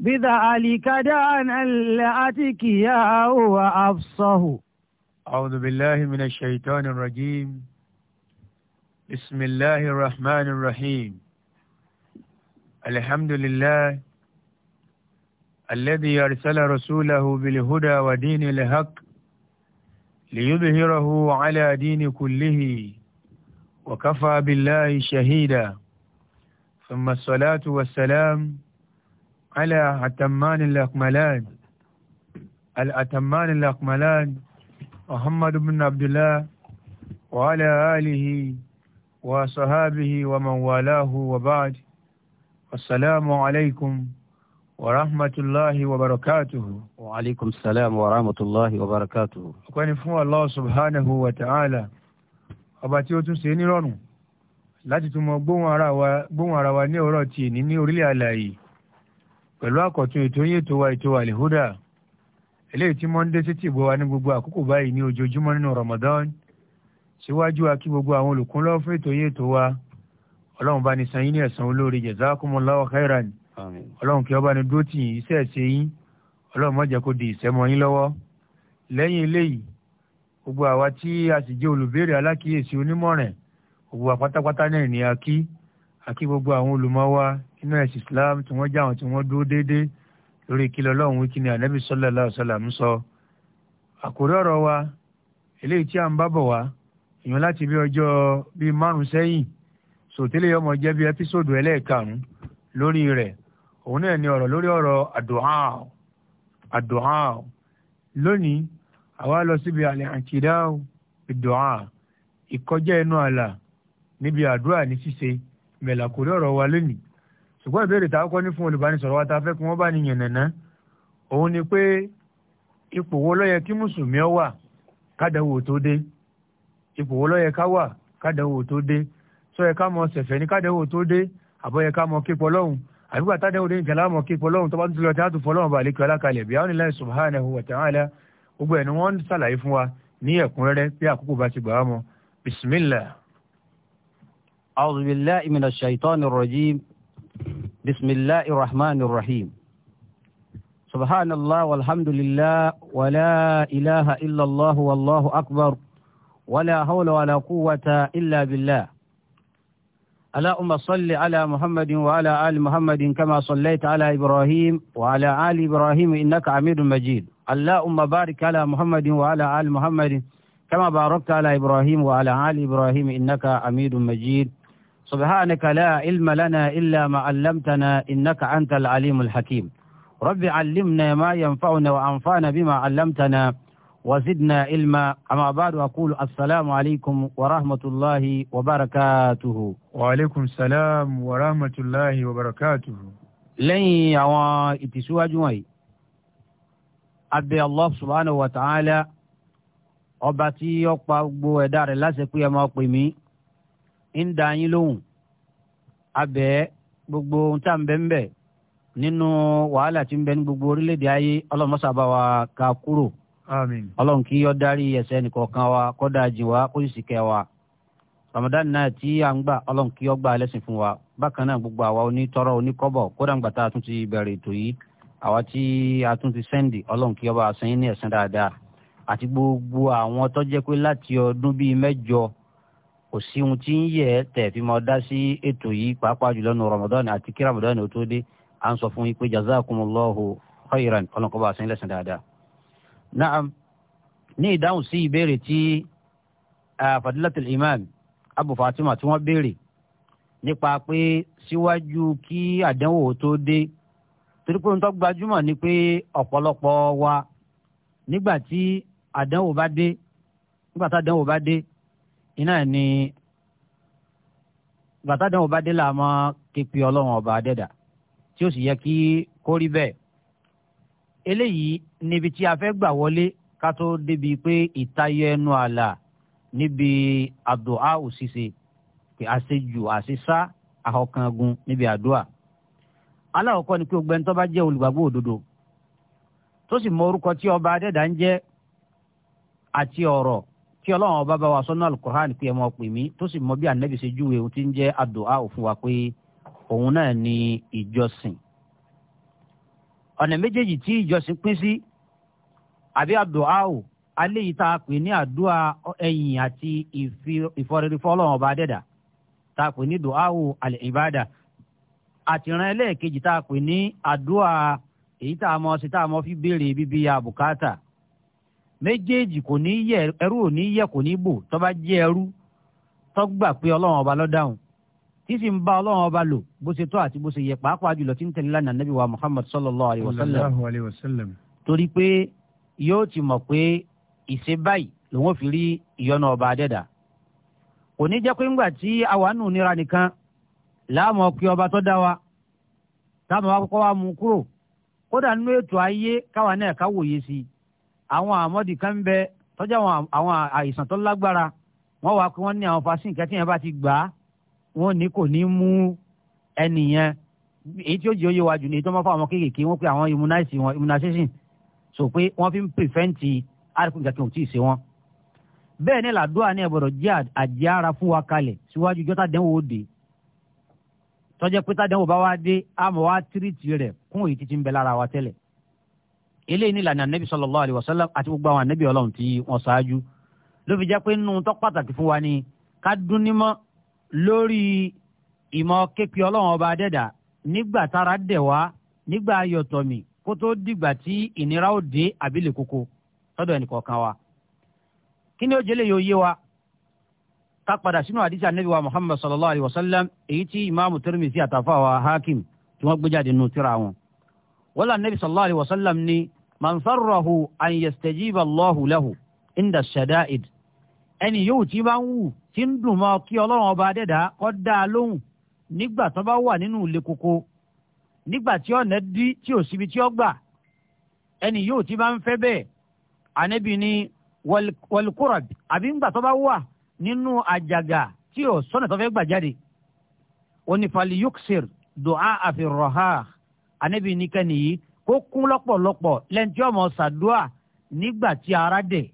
بذلك لا لأتك يا هو أفصه أعوذ بالله من الشيطان الرجيم بسم الله الرحمن الرحيم الحمد لله الذي أرسل رسوله بالهدى ودين الحق ليظهره على دين كله وكفى بالله شهيدا ثم الصلاة والسلام على أتمان الأقملان، الأتمان الأقملان، محمد بن عبد الله وعلى آله وصحابه ومن والاه وبعد السلام عليكم ورحمة الله وبركاته وعليكم السلام ورحمة الله وبركاته وكان فهو الله سبحانه وتعالى أباتي وتسيني رونو láti tún mọ gbóhùn ara wa ní ọ̀rọ̀ tí ní ní àlàyé pẹ̀lú àkọ́tún ètò yín ètò wa ètò àlèhúdà eléyìí tí mọ́ndé títí gbọ́ wa ní gbogbo àkókò báyìí ní ojoojúmọ́ nínú Ramadan síwájú wa kí gbogbo àwọn olùkúnlọ́ fún ètò yín ètò wa ọlọ́run bá ní san yín ní ẹ̀san olóore jazakumullahu khairan ọlọ́run kí ọba ní dúró tì yín iṣẹ́ ẹ̀ṣẹ̀ yín ọlọ́run má kó di ìṣẹ́mọ́ yín lọ́wọ́ lẹ́yìn eléyìí gbogbo àti gbogbo àwọn olùmọ̀ wa ẹ̀sìn islam tí wọ́n já àwọn tí wọ́n dúró déédéé lórí ìkìlọ̀ ọlọ́run wí kíni ànábì sallallahu alaihi wasallam sọ. àkórí ọ̀rọ̀ wa eléyìí tí a ń bá bọ̀ wá èèyàn láti bí ọjọ́ bíi márùn-ún sẹ́yìn sòtẹ́lẹ̀ ọmọ jẹ́ bíi ẹpísòdù ẹlẹ́ẹ̀karùn-ún lórí rẹ̀ òun náà ni ọ̀rọ̀ lórí ọ̀rọ̀ àdùhà àdùhà lónìí àwa lọ síbi àlẹ́ níbi àdúrà ní ṣíṣe bẹ̀là kò rí ọ̀rọ̀ wa lónìí ṣùgbọ́n ìbéèrè tá a kọ́ ní fún olùbánisọ̀rọ̀ wa tá a fẹ́ kí wọ́n bá ní yànnàná òun ni pé ipò wo ló yẹ kí mùsùlùmí ọ wà kádàwò tó dé ipò wo ló yẹ ká wà kádàwò tó dé sọ yẹ ká mọ ṣẹ̀fẹ̀ ní kádàwò tó dé àbọ̀ yẹ ká mọ kípọ̀ lọ́hùn àbígbà tádàwò dé nìkan láàmọ̀ kípọ̀ lọ́hùn tó bá tún ti lọ tí a tún fọlọ́hùn bá lékè alákalẹ̀ bí àwọn ilẹ̀ subhanahu wa ta'ala gbogbo ẹ̀ ni wọ́n ń ṣàlàyé fún wa ní ẹ̀kúnrẹ́rẹ́ bí àkókò bá ti gbà wá mọ́ bismillah. أعوذ بالله من الشيطان الرجيم بسم الله الرحمن الرحيم سبحان الله والحمد لله ولا إله إلا الله والله أكبر ولا حول ولا قوة إلا بالله اللهم صل على محمد وعلى آل محمد كما صليت على إبراهيم وعلى آل إبراهيم إنك عميد مجيد اللهم بارك على محمد وعلى آل محمد كما باركت على إبراهيم وعلى آل إبراهيم إنك عميد مجيد سبحانك لا علم لنا إلا ما علمتنا إنك أنت العليم الحكيم رب علمنا ما ينفعنا وأنفعنا بما علمتنا وزدنا علما أما بعد أقول السلام عليكم ورحمة الله وبركاته وعليكم السلام ورحمة الله وبركاته لن àwọn ìtìsíwájú wọ̀nyí أبي الله سبحانه وتعالى أبتي ọba tí الله pa gbogbo ń da yín lóhùn abẹ́ gbogbo ohun tá à ń ń nínú wàhálà tí ń bẹ ní gbogbo orílẹ̀-èdè ayé ọlọ́mọ́sá bá wa ká kúrò ọlọ́run kí yọ darí ẹ̀ṣẹ̀ nìkọ̀ọ̀kan wa kọ́dà jìn wá kó wa ramadan náà tí a ń gbà ọlọ́run kí yọ gbà fún wa bákan náà gbogbo àwa oníkọ́bọ̀ kódà tá a tún ti bẹ̀rẹ̀ ètò yìí àwa tí a gbogbo àwọn kò sí ohun tí ń yẹ tẹ̀ fi máa dá sí ètò yìí pàápàá jùlọ nù ramadan àti kí ramadan ò tó dé à ń sọ fún yín pé jazakumullahu khairan ọlọ́nkọ́ba àṣẹ ńlẹ̀sìn dáadáa. naam ní ìdáhùn sí ìbéèrè tí fadilatul imam abu fatima tí wọ́n béèrè nípa pé síwájú kí àdánwò tó dé torí pé ohun tó gbajúmọ̀ ni pé ọ̀pọ̀lọpọ̀ wa nígbà tí àdánwò bá dé nígbà tí àdánwò bá dé iná ni bàtàdé ọba dé là máa képe ọlọ́run ọba adẹ́dà tí ó sì yẹ kí kó rí bẹ́ẹ̀ eléyìí níbi tí a fẹ́ gbà wọlé ká tó débi pé ìtayọ ẹnu àlà níbi àdùá òṣìṣe pé àṣejù àṣesá àhọkàngun níbi àdúà aláwọ̀kọ́ ni pé ogbẹ́ni tó bá jẹ́ olùgbàgbọ́ òdodo tó sì mọ orúkọ tí ọba adẹ́dà ń jẹ́ àti ọ̀rọ̀ kí ọlọ́run ọba bá wa sọ́nà alukur'an pé ẹ mọ̀ pè mí tó sì mọ bí anabi ṣe júwe ohun tí ń jẹ́ àdúà òfin wa pé òun náà ni ìjọsìn ọ̀nà méjèèjì tí ìjọsìn pín sí àbí àdúà ò alẹ́ yìí tá a pè ní àdúà ẹ̀yìn àti ìfọ̀rẹ́rẹ́ fọlọ́run ọba dẹ́dà tá a pè ní àdúà ò àlẹ́ ìbáàdà àtìrán ẹlẹ́ẹ̀kejì tá a pè ní àdúà èyí tá a mọ̀ sí tá a mọ̀ fi béèrè bíbí àbùkátà méjèèjì kò ní yẹ ẹrú ò ní yẹ kò ní bò tó bá jẹ́ ẹrú tó gbà pé ọlọ́run ọba ló dáhùn tí sì ń bá ọlọ́run ọba lò bó ṣe tó àti bó ṣe yẹ pàápàá jùlọ tí ń tẹ̀lé lánàá nàbí wa muhammad sallallahu alayhi wa sallam torí pé yóò ti mọ̀ pé ìṣe báyìí lòun ò fi rí ìyọ́nú ọba adẹ́dà kò ní jẹ́ pé ńgbà tí àwa nù nira nìkan láàmú ọkùnrin ọba tó dá wa táwọn akọ́kọ́ wa mú kúrò kódà nínú ètò ayé káwa náà ká wòye sí i àwọn àmọ́dì kan ń bẹ tọ́jú àwọn àìsàn tó lágbára wọ́n wá pé wọ́n ní àwọn vaccine kẹ́tí yẹn bá ti gbà á wọ́n ní kò ní mú ẹnìyẹn èyí tí ó jẹ́ òye wa jù ní èyí tó máa fọ àwọn kéékèèké wọ́n pé àwọn immunize wọn immunization sọ pé wọ́n fi ń prevent àrùn kankan ò tí ì ṣe wọ́n. bẹ́ẹ̀ ni làdúrà ní ẹ̀bọ̀dọ̀ jẹ́ àjẹ́ ara fún wa kalẹ̀ síwájú jọ́tà dẹ́wọ̀ òde tọ́jẹ́ pé tádẹ́wọ̀ bá wá dé àmọ́ wá tírìtì rẹ̀ kún èyí títí ń bẹ lára wa tẹ́lẹ̀ eléyìí ní ìlànà anabi sallallahu alaihi wasallam àti gbogbo àwọn anabi Ọlọ́run tí wọn ṣáájú ló fi jẹ́ pé nínú tó pàtàkì fún wa ni ká dún nímọ̀ lórí ìmọ̀ képi Ọlọ́run ọba adẹ́dà nígbà tára dẹ̀ wá nígbà ayọ̀tọ̀ mi kó tó dìgbà tí ìnira ó dé àbílẹ̀ koko sọ́dọ̀ ẹnìkọ̀ọ̀kan wa kí ni ó jẹ́lẹ̀ yóò yé wa ká padà sínú àdìsí anabi wa muhammad sallallahu alaihi wasallam èyí tí imaamu tirmidhi àtàfà wa hakim tí wọ́n gbé jáde nù tíra wọn wala nabi sallallahu alaihi wasallam ni man farrahu an yastajiba Allahu lahu inda shada'id ẹni yóò tí bá ń wù tí ń dùn mọ́ kí ọlọ́run ọba adẹ́dá kọ́ dá a lóhùn nígbà tó bá wà nínú ilé koko nígbà tí ọ̀nà dí tí ò síbi tí ó gbà ẹni yóò tí bá ń fẹ́ bẹ́ẹ̀ ànẹ́bí ni wọlkúrọ̀d àbí ńgbà tó bá wà nínú àjàgà tí ò sọ́nà tó fẹ́ gbà jáde onífàlì yóksir dùn á àfi rọ̀háà ànábì nìkẹ́ni yìí kó kún lọ́pọ̀lọpọ̀ lẹ́ntì ọmọ ṣàdúà nígbà tí ara dẹ̀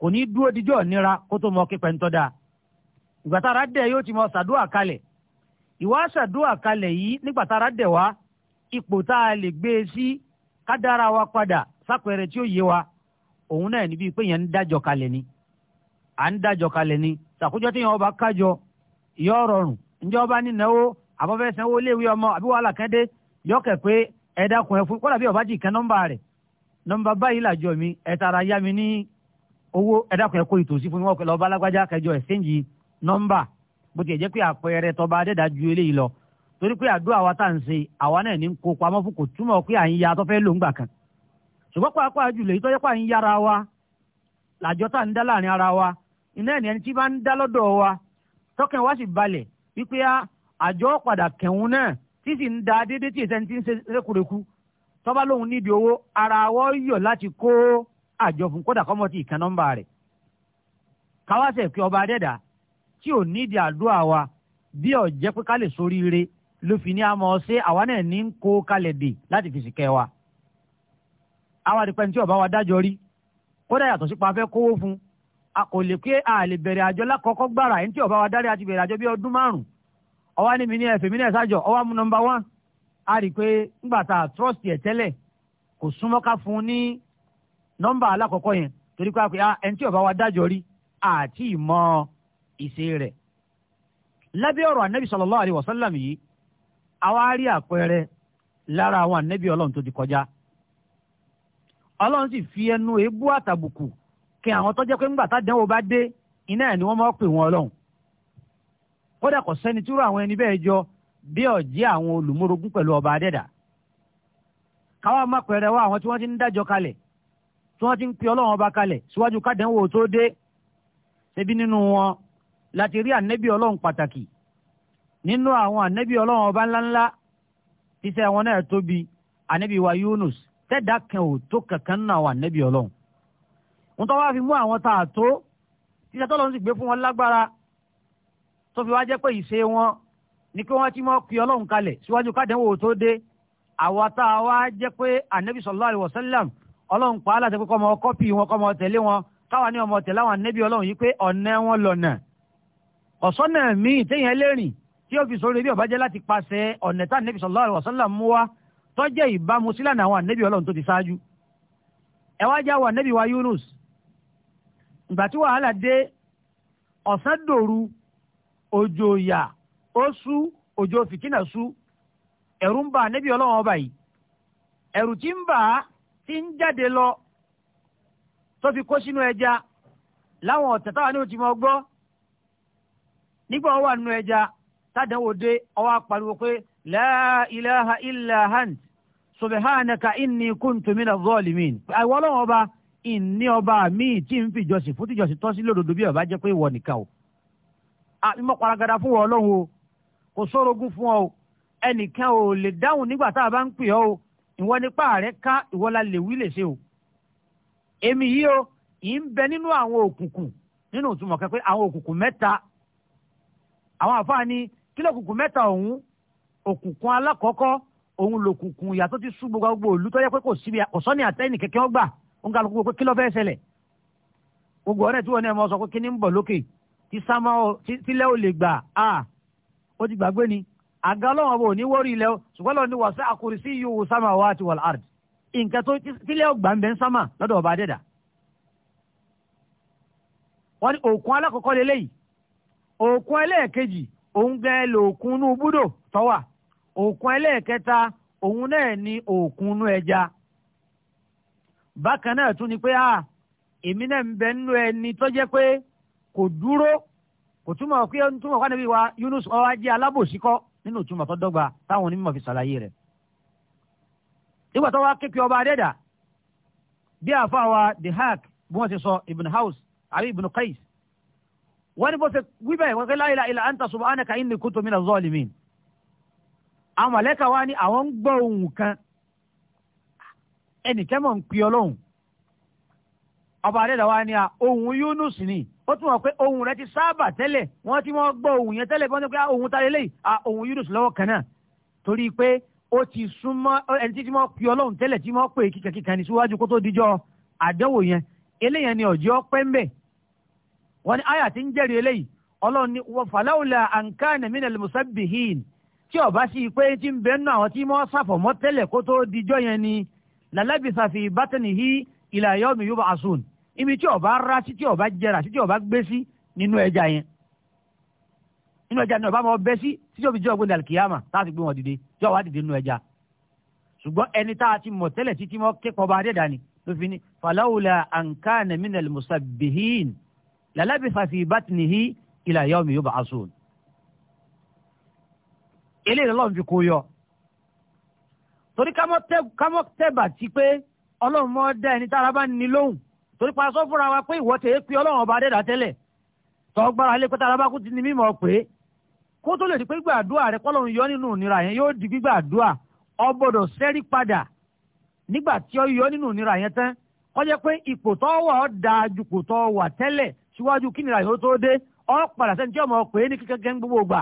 kò ní dúró díjọ́ nira kó tó mọ kípẹ́ ńtọ́ da ìgbà tára dẹ̀ yóò ti mọ ṣàdúà kalẹ̀ ìwà ṣàdúà kalẹ̀ yìí nígbà tára dẹ̀ wá ipò tá a lè gbé e sí ká dára wa padà sápẹ̀rẹ̀ tí ó yé wa òun náà níbi pé yẹn ń dájọ́ kalẹ̀ ni à ń dájọ́ kalẹ̀ ni ṣàkójọ́ tí yẹn ọba kájọ yọ rọrùn ǹjẹ́ ọba nínáwó àbọ̀fẹ́sẹ̀ owó léwu ọmọ àbí wàhálà yọkẹ pé ẹ dákun ẹ fún kọ́dà bí ọba jì kan nọmba rẹ nọmba báyìí làjọ mi ẹ tara ya mi ní owó ẹ dákun ẹ kó ìtòsí fún mi alágbájá kẹjọ ẹ̀ sẹ́ǹjì nọ́mbà bó ti jẹ́ pé àpẹẹrẹ tọba adẹ́dá ju eléyìí lọ torí pé wa tá à ń ṣe àwa náà ní ń kó ya tó fẹ́ kan ṣùgbọ́n pàápàá jùlọ èyí tó yẹ pé à wa làjọ tá à ń ara wa iná ẹni tí bá ń dá wa wa sì balẹ̀ wípé tí sì ń da déédéé tí ìsẹ́ni ti ń ṣe rékúrekú tọ́ba lòun nídìí owó ara wọ́ yọ̀ láti kó àjọ fún kódà kọ́mọ́ ti ìkan nọ́mbà rẹ̀ káwáṣẹ̀ kí ọba adẹ́dà tí ò nídìí àdúrà wa bí ọ̀jẹ́ pé ká lè soríire ló fi ní àmọ́ ṣé àwa náà ní ń kó kalẹ̀ dè láti fi sìkẹ́ wa àwa ti pẹ́ni tí ọba wa dájọ́ rí kódà yàtọ̀ sí pa fẹ́ kówó fún a kò lè pé a lè bẹ̀rẹ̀ àjọ lákọ̀ọ́kọ́ gbàrà ọwọ́ ni mi ní ẹ̀fẹ̀ mi ní ẹ̀sájọ nọmba a rí i pé ńgbà tá a trust yẹ kò súnmọ́ fún ní nọmba alákọ̀ọ́kọ́ yẹn torí pé a pè á ọba wa dájọ́ rí àti ìmọ̀ ìṣe rẹ̀ lábẹ́ ọ̀rọ̀ ànẹ́bí sallallahu alaihi wasallam yìí àwa rí àpẹẹrẹ lára àwọn ọlọ́run tó ti kọjá ọlọ́run sì fi ẹnu àtàbùkù kí àwọn tó jẹ́ kódà kò sẹ́ni tí irú àwọn ẹni bẹ́ẹ̀ jọ bí ọ̀jẹ́ àwọn olùmọ̀rogún pẹ̀lú ọba adẹ́dà káwá má pẹ̀rẹ̀ wá àwọn tí wọ́n ti ń dájọ́ kalẹ̀ tí wọ́n ti ń pe ọlọ́run ọba kalẹ̀ síwájú kádẹ́wò tó dé ṣebí nínú wọn láti rí ànẹ́bí ọlọ́run pàtàkì nínú àwọn ànẹ́bí ọlọ́run ọba ńláńlá tíṣẹ́ wọn náà tóbi ànẹ́bí wa Yunus tẹ́dá kan ò tó kankan nínú àwọn ànẹ́bí ọlọ́run. ń tọ́ fi mú àwọn tá tíṣẹ́ tọ́lọ́run sì gbé fún wọn lágbára tó fi wá jẹ́ pé ìṣe wọn ni pé wọ́n ti mọ́ pe ọlọ́run kalẹ̀ síwájú kádẹ́wò tó dé àwa tá a jẹ́ pé ànábì sallallahu alaihi wasallam ọlọ́run pa á láti pé kọ́ ọmọ kọ́pì wọn kọ́ ọmọ tẹ̀lé wọn káwa ní ọmọ tẹ̀lé àwọn ànábì ọlọ́run yìí pé ọ̀nà wọn lọ̀nà ọ̀sọ́nà míì téèyàn lérìn tí ó fi sórí bí ọ̀bájẹ́ láti pàṣẹ ọ̀nà tá ànábì sallallahu alaihi wasallam mú wá tó jẹ́ ìbámu sílànà àwọn ànábì ọlọ́run tó ti ṣáájú ẹ wá já wà ànábì wa Yunus ìgbà tí wàhálà dé ọ̀sán dòru òjò ya o su òjò fìtínà sú ẹ̀rù ń bà níbi ọlọ́run ọba yìí ẹ̀rù tí ń bà á ń jáde lọ tó fi kó sínú ẹja láwọn ọ̀tẹ̀ táwa ní òtí mọ́ gbọ́ nígbà wọn wà nínú ẹja tádàwọ̀ dé ọwọ́ apariwo pé la ilaha illa ant subhanaka inni kuntu mina zalimin àwọn ọlọ́run ọba ìní ọba míì tí ń fi ìjọsìn fún tíjọsìn tọ́sí lódodo bí ọba jẹ́ pé ìwọ nìkan o. Ah, mímọ́ fún ọ ọlọ́run o kò sórogún fún ọ o ẹnìkan ò lè dáhùn nígbà tá a bá ń pè ọ o ìwọ nípa rẹ ká ìwọ la lè wí lè ṣe o èmi yìí o yìí ń bẹ nínú àwọn òkùnkùn nínú ìtumọ̀ kẹ́kẹ́ àwọn òkùnkùn mẹ́ta àwọn àfáàní kílò òkùnkùn mẹ́ta ọ̀hún òkùnkùn alákọ̀ọ́kọ́ òun lòkùnkùn ìyàtọ̀ ti sú gbogbo òlu tó yẹ pé kò síbi ọ̀sọ́ni àtẹ́yìn kẹ̀kẹ́ ọgbà òun kà lóko pé kílò fẹ́ ṣẹlẹ̀ gbogbo ọ̀rẹ́ tí wọ́n ní ẹ̀ mọ́ sọ pé kíní ń bọ̀ lókè tí sámáwò tílẹ̀ ò le gba a o ti gbàgbé ni àga ọlọ́run ọba ò ní wọ́rí ilẹ̀ ṣùgbọ́n lọ́ọ́ ni wà sí àkùrìsí yòówù samawati wal ard nǹkan tó tílẹ̀ ò gbà ń bẹ́ ń sámà lọ́dọ̀ ọba adẹ́dà wọ́n ní òkun alákọ̀ọ́kọ́ lélẹ́yìí òkun ẹlẹ́ẹ̀kejì òun gan ẹ lò òkun inú búdò tọ́wà òkun ẹlẹ́ẹ̀kẹta òun náà ni òkun inú ẹja bákan náà tún ni pé a èmi náà ń bẹ nínú ẹni tó jẹ́ pé kò dúró kò túmọ̀ pé túmọ̀ kánàbí wa Yunus ọwọ́ ajé alábòsíkọ́ nínú ìtumọ̀ tó dọ́gba táwọn onímọ̀ fi ṣàlàyé rẹ̀ nígbà tó wá kékeré ọba adẹ́dà bí àfa wa dihak bí wọ́n ti sọ ibn Haus àbí ibn Qais wọ́n ní bó ṣe wí bẹ́ẹ̀ wọ́n ké la ilaha illa anta subhanaka inni kuntu minaz zalimin àwọn mọ̀lẹ́kà wa ní àwọn ń gbọ́ ohun kan ẹnìkẹ́ mọ̀ ń pè ọlọ́run ọba adẹ́dà wa ni ohun Yunus ni ó tún wọ̀ pé ohun rẹ ti sábà tẹ́lẹ̀ wọ́n ti wọ́n gbọ́ ohun yẹn tẹ́lẹ̀ wọ́n ti pé ah, ohun ta lélẹ́yìí ah, ohun Yunus lọ́wọ́ kan náà torí pé ó ti súnmọ́ ẹni tí wọ́n pe ọlọ́run tẹ́lẹ̀ tí wọ́n pè kíkàkíkà ní síwájú kó tó dijọ́ àdánwò yẹn eléyẹn ni ọ̀jọ́ wọ́n ní àyà ti ń jẹ́rìí eléyìí ọlọ́run ni falawla ankana minal musabbihin tí ọba sí pé tí ń bẹ́ẹ̀ nù àwọn tí wọ́n sàfọ̀mọ́ tẹ́lẹ̀ kó tó yẹn ni lalabisa fi batnihi ìlà yọ́ọ̀mì yóò bá a sùn ibi tí ọba rá sí tí ọba jẹrà sí tí ọba gbé sí nínú ẹja yẹn nínú ẹja ni ọba máa bẹ sí tí ọba jẹ́ ọgbẹ́ni alikiyama tá a ti gbé wọn dìde tí ọba dìde nínú ẹja ṣùgbọ́n ẹni tá a ti mọ̀ tẹ́lẹ̀ títí mọ́ kẹ́kọ̀ọ́ bá adé dání ló fi ní falawula ankana minal musabbihin lalabisa fi batnihi ìlà yọ́ọ̀mì yóò bá a eléyìí lọ́n fi kó yọ torí kámọ́ tẹ́bà ti pé ọlọ́run mọ́ dá ẹni tára bá ní lóhùn torí pa sọ fúnra wa pé ìwọ tèé pé ọlọ́run ọba adẹ́dà tẹ́lẹ̀ tọ́ gbára lé pé tára bá kú ti ní mímọ́ pé kó tó lè di pé gbàdúrà rẹ kọ́lọ́run yọ nínú ìnira yẹn yóò di gbígbàdúrà ọgbọ́dọ̀ sẹ́rí padà nígbà tí ó yọ nínú ìnira yẹn tán kọ́ jẹ́ pé ipò tó wà ọ́ dáa ju ipò tó wà tẹ́lẹ̀ síwájú kí nira yẹn ó tó dé ọ́ padà sẹ́ni tí ọmọ pé ní kíkẹ́kẹ́ ń gbogbo gbà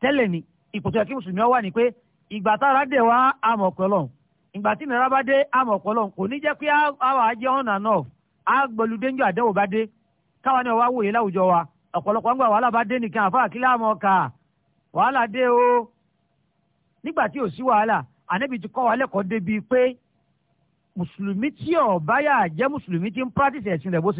tẹ́lẹ̀ ni ipò tó yẹ kí mùsùlùmí ọ wà ní pé ìgbà tára dé wá àmọ̀ pẹ̀lọ́ ìgbà tí ìnira bá dé awa pẹ̀lọ́ kò ní jẹ́ pé àwọn ajẹ́ ọ̀nà àdéhùn bá dé ni ọ̀wá wòye láwùjọ wa ọ̀pọ̀lọpọ̀ ńgbà wàhálà bá dé nìkan àfa àkílẹ̀ àmọ̀ kà wàhálà dé o nígbà tí ò sí wàhálà ànábì ti kọ́ wa lẹ́kọ̀ọ́ débi pé mùsùlùmí tí jẹ́ mùsùlùmí tí ń ẹ̀sìn rẹ̀ bó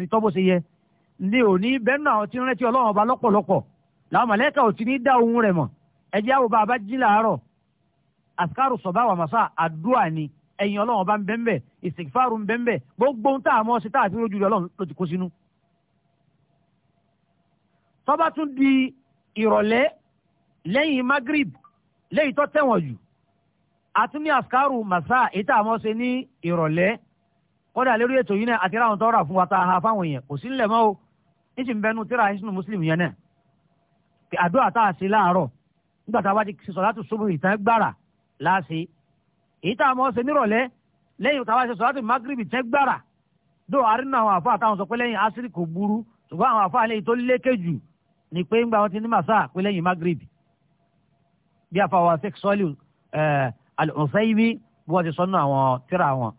ti ọba àsìkárù sọ̀bá wà màsà àdúrà ni ẹ̀yìn ọlọ́run ọba ń bẹ́ ń bẹ́ ìsìkfàrù ń bẹ́ ń bẹ́ gbogbo ohun tá a mọ̀ sí tá a fi rójú rẹ̀ ọlọ́run ló ti kó sínú. tọ́ba tún di ìrọ̀lẹ́ lẹ́yìn magrib lẹ́yìn tó tẹ̀wọ̀n jù àti ní àsìkárù màsà èyí tá a mọ̀ sí ní ìrọ̀lẹ́ kọ́dà lórí ètò yìí náà àti ráhùn tó rà fún wa tá a ha fáwọn èèyàn kò sí nílẹ̀ mọ́ o ní ti ń bẹnu tíra ìṣúnú mùsùlùmí yẹn náà àdúrà tá a ṣe láàárọ̀ nígbà tá a bá ti ṣe sọ̀látù súbù ìtàn gbàrà láàṣì èyí tá a mọ̀ ṣe nírọ̀lẹ́ lẹ́yìn táwa ṣe sọ́láàtì magrebi tẹ́ gbára dó àrínú àwọn àfa àtàwọn sọ pé lẹ́yìn asiri kò burú ṣùgbọ́n àwọn àfa lẹ́yìn tó lékè jù ni pé ńgbà wọn ti ní màsá pé lẹ́yìn magrebi bí afa wa sheikh sọ́ọ̀lì al-Usaymi bí wọ́n ti sọ́nù àwọn tíra wọn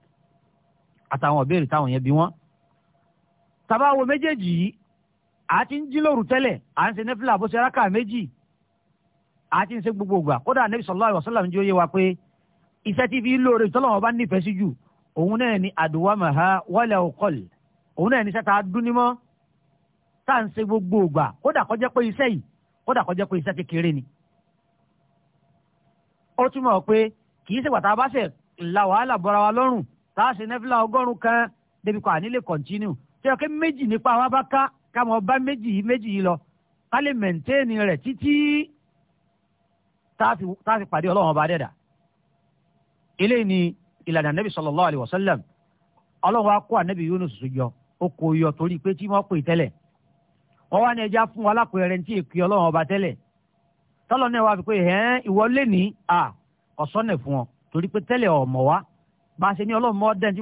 àtàwọn ìbéèrè táwọn yẹn bí wọ́n. tàbá wo méjèèjì yìí àti ń jí lóru tẹ́lẹ̀ à ń ṣe nẹ́fìlà bó ṣe rákà méjì àti ṣe gbogbo ìgbà kódà Nabi sallallahu alaihi wasallam jẹ́ oyé wa pé iṣẹ́ tí fi lóore tọ́lọ́wọ́n bá nífẹ̀ẹ́ sí jù òun náà ni àdùwámàhá wọlé ọkọl òun náà ni iṣẹ́ tá a dún nímọ́ tá à ń ṣe gbogbo ìgbà kódà kó jẹ́ pé iṣẹ́ yìí kódà kó jẹ́ pé iṣẹ́ kékeré ni. ó túmọ̀ pé kì í ṣe pàtàkì bá ṣe la wàhálà bọ́ra wa lọ́rùn tá a ṣe nẹ́fìlà ọgọ́rùn kan débi kọ́ ànílé kọ̀ntínú táàfi pàdé ọlọ́run ọba dẹ́dà eléyìí ni ìlànà anabi sallallahu alayhi wa sallam ọlọ́run wa kó anabi yunus jọ ó kó yọ torí pé tí wọ́n pè tẹ́lẹ̀ wọ́n wá ní ẹja fún alákòóyẹrẹ ní tí èkì ọlọ́run ọba tẹ́lẹ̀ tọ́lọ́ náà wá fi pé hẹ́n ìwọ lé ní à ọ̀sọ́nà fún ọ torí pé tẹ́lẹ̀ ọ̀mọ̀ wá bá a ṣe ní ọlọ́run mọ́ dẹ́n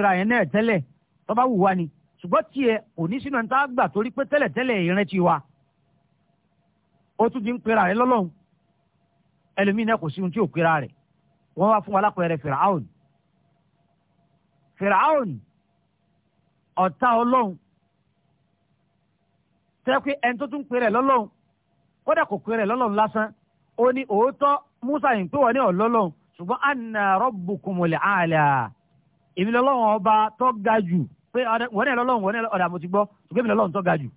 tí wọ́n tọ́ba wù wá ni ṣùgbọ́n tiẹ̀ òní sínú ẹni tá a gbà torí pé tẹ́lẹ̀tẹ́lẹ̀ ìrántí wa ó tún ti ń pera rẹ̀ lọ́lọ́run ẹlòmíín náà kò sí ohun tí ò pera rẹ̀ wọ́n wá fún wa lápẹẹrẹ fìràhùn fìràhùn ọ̀tá ọlọ́run tẹ́kí ẹni tó tún pera rẹ̀ lọ́lọ́run kódà kò pera rẹ̀ lọ́lọ́run lásán ó ní òótọ́ Musa yìí pé wọ́n ní ọ̀lọ́lọ́run ṣùgbọ́n anna rabbukumul aala èmi lọ́lọ́run ọba tó ga jù pé wọ́n náà lọ́lọ́run wọ́n náà ọ̀dà mo ti gbọ́ ṣùgbọ́n mi lọ́lọ́run tó ga jù